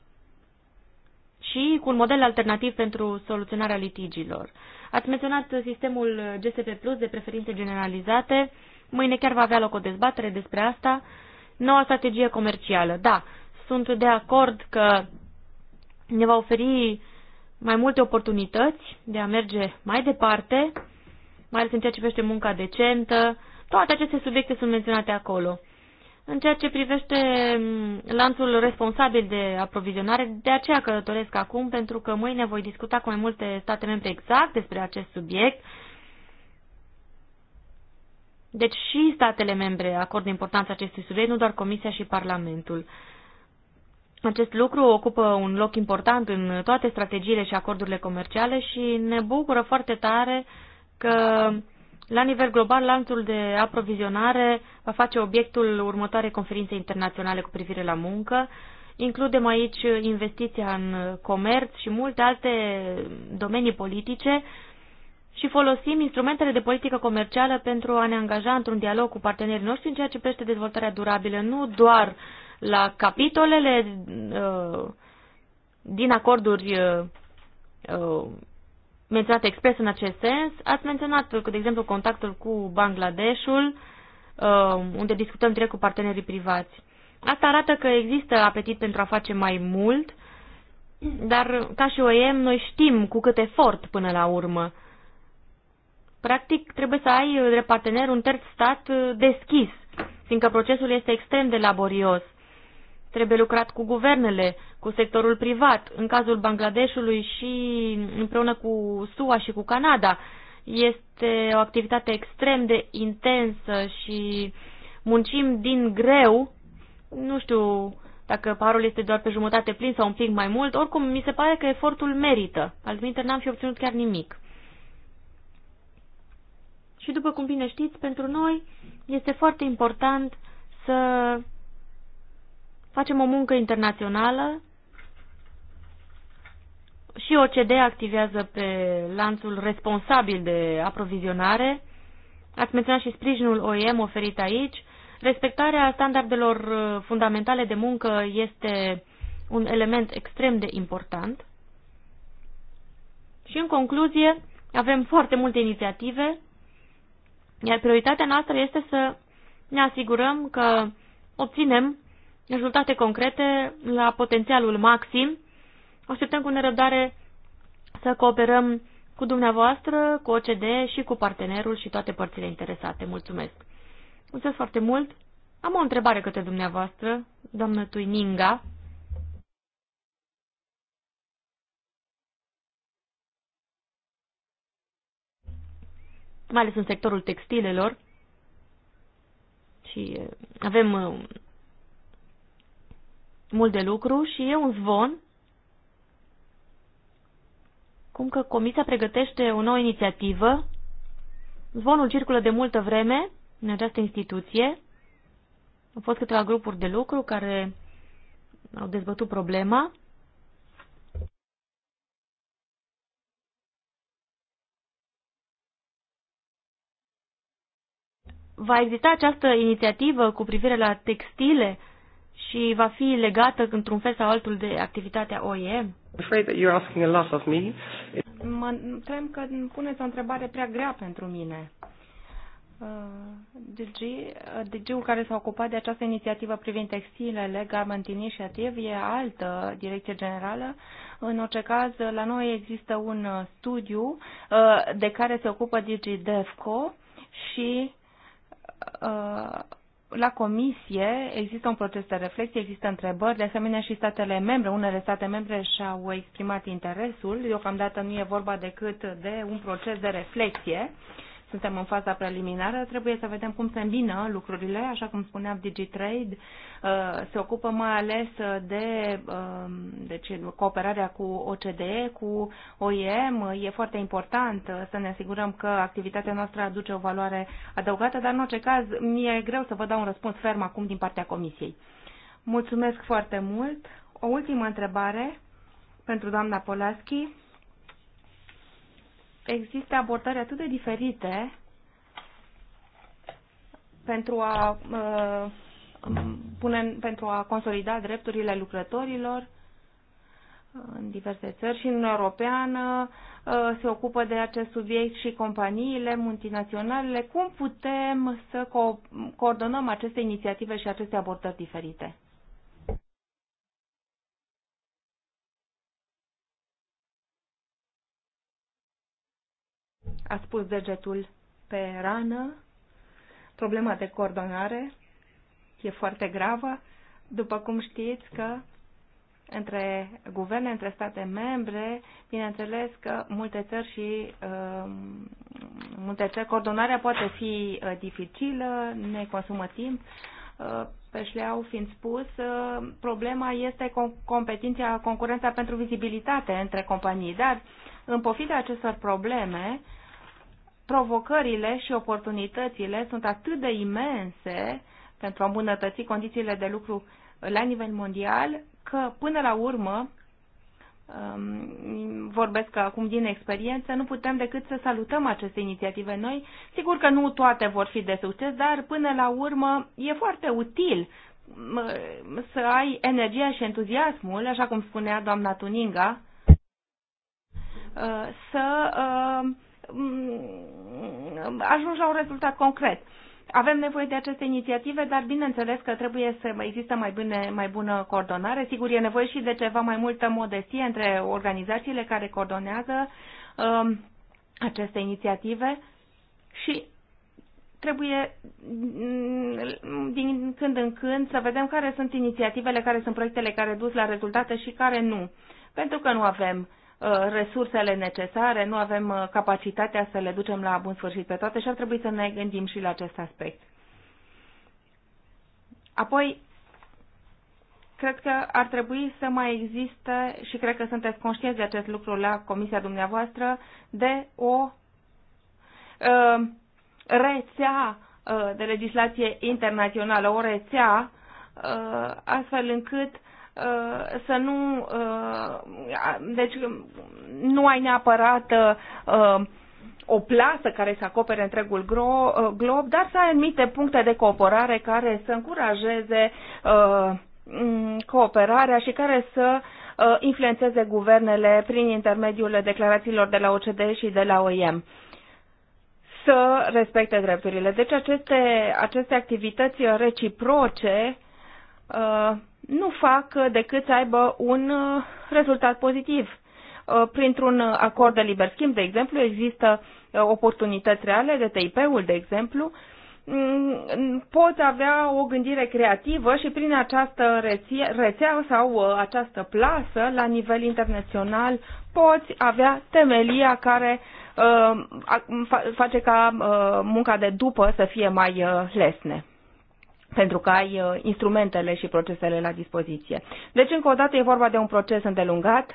și cu un model alternativ pentru soluționarea litigiilor. Ați menționat sistemul GSP Plus de preferințe generalizate. Mâine chiar va avea loc o dezbatere despre asta. Noua strategie comercială. Da, sunt de acord că ne va oferi mai multe oportunități de a merge mai departe, mai ales în ceea ce privește munca decentă. Toate aceste subiecte sunt menționate acolo. În ceea ce privește mm, lanțul responsabil de aprovizionare, de aceea călătoresc acum, pentru că mâine voi discuta cu mai multe state membre exact despre acest subiect. Deci și statele membre acordă importanța acestui subiect, nu doar Comisia și Parlamentul. Acest lucru ocupă un loc important în toate strategiile și acordurile comerciale și ne bucură foarte tare că la nivel global, lanțul de aprovizionare va face obiectul următoarei conferințe internaționale cu privire la muncă. Includem aici investiția în comerț și multe alte domenii politice și folosim instrumentele de politică comercială pentru a ne angaja într-un dialog cu partenerii noștri în ceea ce privește dezvoltarea durabilă, nu doar la capitolele uh, din acorduri uh, uh menționat expres în acest sens. Ați menționat, de exemplu, contactul cu Bangladeshul, uh, unde discutăm direct cu partenerii privați. Asta arată că există apetit pentru a face mai mult, dar ca și OEM noi știm cu cât efort până la urmă. Practic trebuie să ai de partener un terț stat uh, deschis, fiindcă procesul este extrem de laborios Trebuie lucrat cu guvernele, cu sectorul privat, în cazul Bangladeshului și împreună cu SUA și cu Canada. Este o activitate extrem de intensă și muncim din greu. Nu știu dacă parul este doar pe jumătate plin sau un pic mai mult, oricum mi se pare că efortul merită. Altminte, n-am fi obținut chiar nimic. Și după cum bine știți, pentru noi este foarte important să Facem o muncă internațională și OCD activează pe lanțul responsabil de aprovizionare. Ați menționat și sprijinul OEM oferit aici. Respectarea standardelor uh, fundamentale de muncă este un element extrem de important. Și în concluzie, avem foarte multe inițiative, iar prioritatea noastră este să ne asigurăm că obținem rezultate concrete la potențialul maxim. Așteptăm cu nerăbdare să cooperăm cu dumneavoastră, cu OCD și cu partenerul și toate părțile interesate. Mulțumesc! Mulțumesc foarte mult! Am o întrebare către dumneavoastră, doamnă Tuininga. mai ales în sectorul textilelor și eh, avem eh, mult de lucru și e un zvon cum că Comisia pregătește o nouă inițiativă. Zvonul circulă de multă vreme în această instituție. Au fost câteva grupuri de lucru care au dezbătut problema. Va exista această inițiativă cu privire la textile și va fi legată într-un fel sau altul de activitatea O.E.M. Mă tem că puneți o întrebare prea grea pentru mine. Uh, DG, uh, DG-ul care s-a ocupat de această inițiativă privind textilele, Garment Initiative, e altă direcție generală. În orice caz, la noi există un uh, studiu de care se ocupă DG DEFCO și la comisie există un proces de reflexie, există întrebări, de asemenea și statele membre, unele state membre și-au exprimat interesul. Deocamdată nu e vorba decât de un proces de reflexie. Uh, suntem în faza preliminară, trebuie să vedem cum se îmbină lucrurile, așa cum spunea DigiTrade, uh, se ocupă mai ales de um, deci, cooperarea cu OCDE, cu OIM. E foarte important uh, să ne asigurăm că activitatea noastră aduce o valoare adăugată, dar în orice caz mi-e greu să vă dau un răspuns ferm acum din partea Comisiei. Mulțumesc foarte mult. O ultimă întrebare pentru doamna Polaschi există abordări atât de diferite pentru a uh, pune, pentru a consolida drepturile lucrătorilor în diverse țări și în Europeană uh, se ocupă de acest subiect și companiile multinaționale. Cum putem să co- coordonăm aceste inițiative și aceste abordări diferite? a spus degetul pe rană. Problema de coordonare e foarte gravă. După cum știți că între guverne, între state membre, bineînțeles că multe țări și uh, multe țări, coordonarea poate fi uh, dificilă, ne consumă timp. Uh, pe șleau fiind spus, uh, problema este competiția, concurența pentru vizibilitate între companii, dar în pofida acestor probleme, uh, provocările și oportunitățile sunt atât de imense pentru a îmbunătăți condițiile de lucru la nivel mondial, că până la urmă, um, vorbesc acum din experiență, nu putem decât să salutăm aceste inițiative noi. Sigur că nu toate vor fi de succes, dar până la urmă e foarte util um, să ai energia și entuziasmul, așa cum spunea doamna Tuninga, uh, să uh, Mm, ajungi la un rezultat concret. Avem nevoie de aceste inițiative, dar bineînțeles că trebuie să există mai, bine, mai bună coordonare. Sigur, e nevoie și de ceva mai multă modestie între organizațiile care coordonează um, aceste inițiative și trebuie mm, din când în când să vedem care sunt inițiativele, care sunt proiectele care duc la rezultate și care nu. Pentru că nu avem uh, Uh, resursele necesare, nu avem uh, capacitatea să le ducem la bun sfârșit pe toate și ar trebui să ne gândim și la acest aspect. Apoi, cred că ar trebui să mai existe, și cred că sunteți conștienți de acest lucru la comisia dumneavoastră, de o uh, rețea uh, de legislație internațională, o rețea uh, astfel încât Uh, să nu. Uh, deci nu ai neapărat uh, o plasă care să acopere întregul glob, dar să ai anumite puncte de cooperare care să încurajeze cooperarea și care să influențeze guvernele prin intermediul declarațiilor de la OCDE și de la OIM să respecte drepturile. Deci aceste, aceste activități reciproce uh, nu fac uh, decât să aibă un uh, rezultat pozitiv. Uh, printr-un acord de liber schimb, de exemplu, există oportunități reale de TIP-ul, de exemplu, mm, pot avea o gândire creativă și prin această rețea sau această plasă la nivel internațional poți avea temelia care face ca munca de după să fie mai lesne pentru că ai uh, instrumentele și procesele la dispoziție. Deci, încă o dată, e vorba de un proces îndelungat.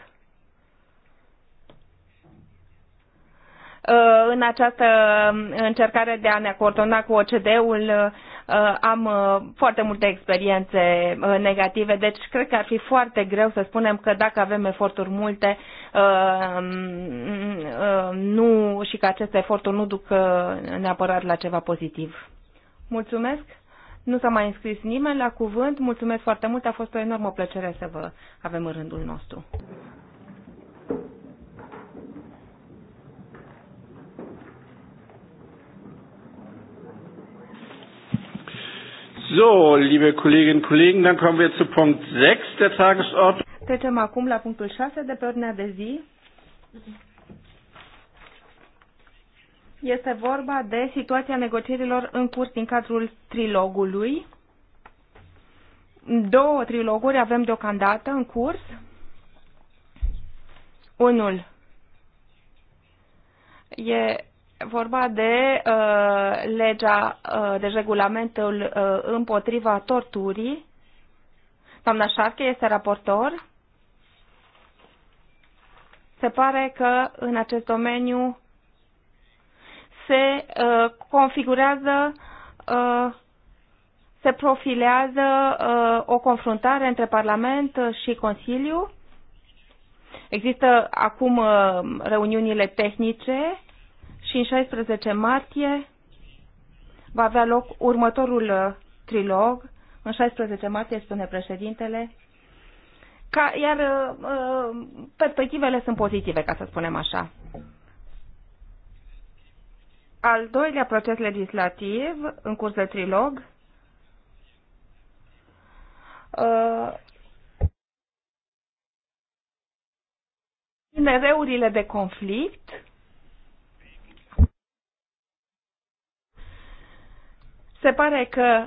Uh, în această um, încercare de a ne acordona cu OCD-ul uh, am foarte multe experiențe negative, deci cred că ar fi foarte greu să spunem că dacă avem eforturi multe um, nu, și că aceste eforturi nu duc neapărat la ceva pozitiv. Mulțumesc! Nu s-a mai înscris nimeni la cuvânt. Mulțumesc foarte mult. A fost o enormă plăcere să vă avem în rândul nostru. So, liebe Kolleginnen und Kollegen, dann kommen wir zu Punkt 6 der Tagesordnung. Trecem acum la punctul 6 de pe ordinea de zi. Este vorba de situația negocierilor în curs din cadrul trilogului. Două triloguri avem deocamdată în curs. Unul e vorba de uh, legea, uh, de regulamentul uh, împotriva torturii. Doamna Șarche este raportor. Se pare că în acest domeniu se uh, configurează, uh, se profilează uh, o confruntare între Parlament uh, și Consiliu. Există acum uh, reuniunile tehnice și în 16 martie va avea loc următorul uh, trilog, în 16 martie, spune președintele, ca, iar uh, uh, perspectivele sunt pozitive, ca să spunem așa al doilea proces legislativ în curs de trilog tinereurile uh, de conflict se pare că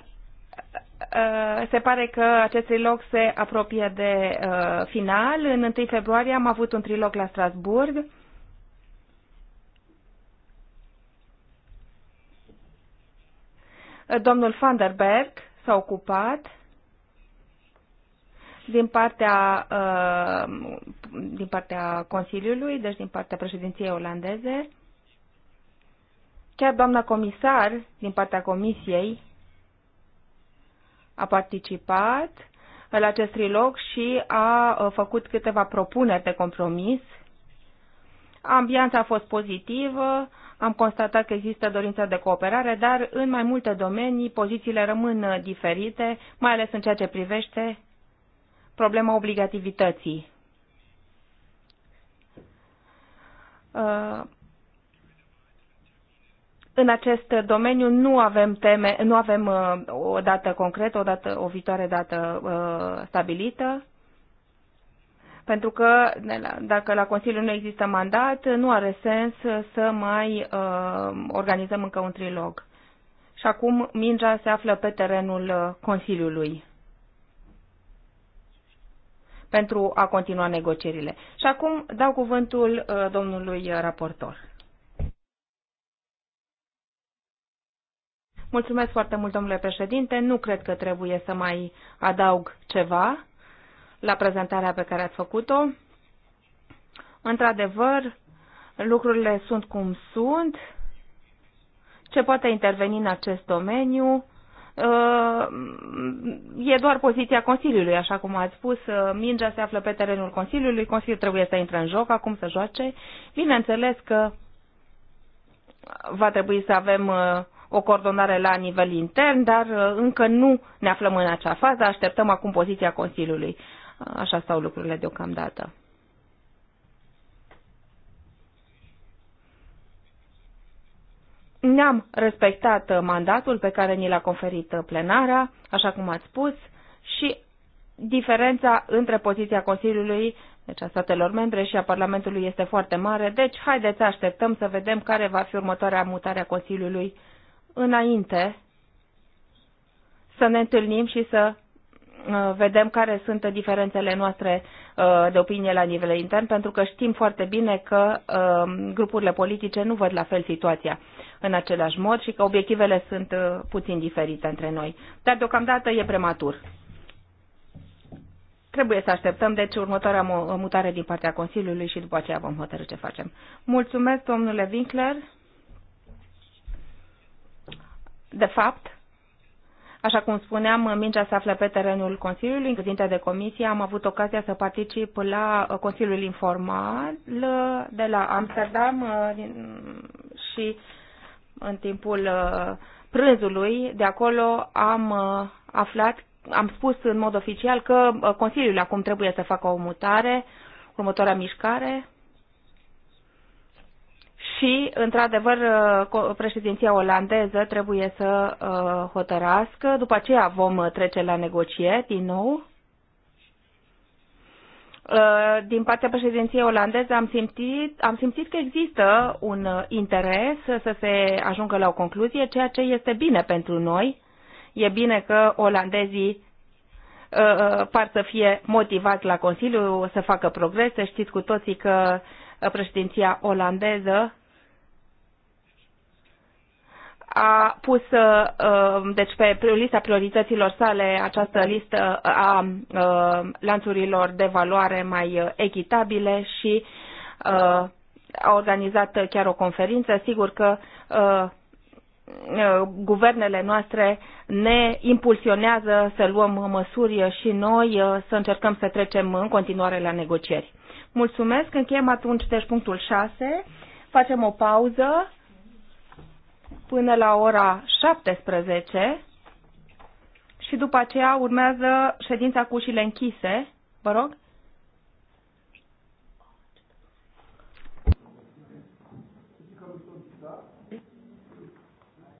uh, se pare că acest trilog se apropie de uh, final. În 1 februarie am avut un trilog la Strasburg Domnul Van der Berg s-a ocupat din partea, uh, din partea Consiliului, deci din partea președinției olandeze. Chiar doamna comisar, din partea Comisiei, a participat la acest trilog și a uh, făcut câteva propuneri de compromis. Ambianța a fost pozitivă, am constatat că există dorința de cooperare, dar în mai multe domenii pozițiile rămân diferite, mai ales în ceea ce privește problema obligativității. Uh, în acest domeniu nu avem teme, nu avem uh, o dată concretă, o, dată, o viitoare dată uh, stabilită pentru că dacă la Consiliu nu există mandat, nu are sens să mai uh, organizăm încă un trilog. Și acum mingea se află pe terenul uh, Consiliului pentru a continua negocierile. Și acum dau cuvântul uh, domnului raportor. Mulțumesc foarte mult, domnule președinte. Nu cred că trebuie să mai adaug ceva la prezentarea pe care ați făcut-o. Într-adevăr, lucrurile sunt cum sunt, ce poate interveni în acest domeniu, uh, e doar poziția Consiliului, așa cum ați spus, mingea se află pe terenul Consiliului, Consiliul trebuie să intre în joc, acum să joace. Bineînțeles că va trebui să avem uh, o coordonare la nivel intern, dar uh, încă nu ne aflăm în acea fază, așteptăm acum poziția Consiliului. Așa stau lucrurile deocamdată. Ne-am respectat mandatul pe care ni l-a conferit plenara, așa cum ați spus, și diferența între poziția Consiliului, deci a statelor membre și a Parlamentului este foarte mare, deci haideți să așteptăm să vedem care va fi următoarea mutare a Consiliului înainte să ne întâlnim și să Uh, vedem care sunt diferențele noastre uh, de opinie la nivel intern, pentru că știm foarte bine că uh, grupurile politice nu văd la fel situația în același mod și că obiectivele sunt puțin diferite între noi. Dar deocamdată e prematur. Trebuie să așteptăm, deci, următoarea mutare din partea Consiliului și după aceea vom hotărâ ce facem. Mulțumesc, domnule Winkler. De fapt, Așa cum spuneam, mingea se află pe terenul Consiliului. Președinte de comisie, am avut ocazia să particip la uh, Consiliul Informal uh, de la Amsterdam uh, și în timpul prânzului de acolo am aflat, am spus în mod oficial că Consiliul acum trebuie să facă o mutare, următoarea mișcare, și, într-adevăr, uh, președinția olandeză trebuie să uh, hotărască. După aceea vom uh, trece la negocieri din nou. Din partea președinției olandeze am simțit, am simțit că există un interes să se ajungă la o concluzie, ceea ce este bine pentru noi. E bine că olandezii par să fie motivați la Consiliu să facă progrese. Știți cu toții că președinția olandeză a pus uh, deci pe lista priorităților sale această listă a uh, lanțurilor de valoare mai echitabile și uh, a organizat chiar o conferință. Sigur că guvernele noastre ne impulsionează să luăm măsuri și noi să încercăm să trecem în continuare la negocieri. Mulțumesc, încheiem atunci deci punctul 6, facem o pauză până la ora 17 și după aceea urmează ședința cu ușile închise. Vă rog.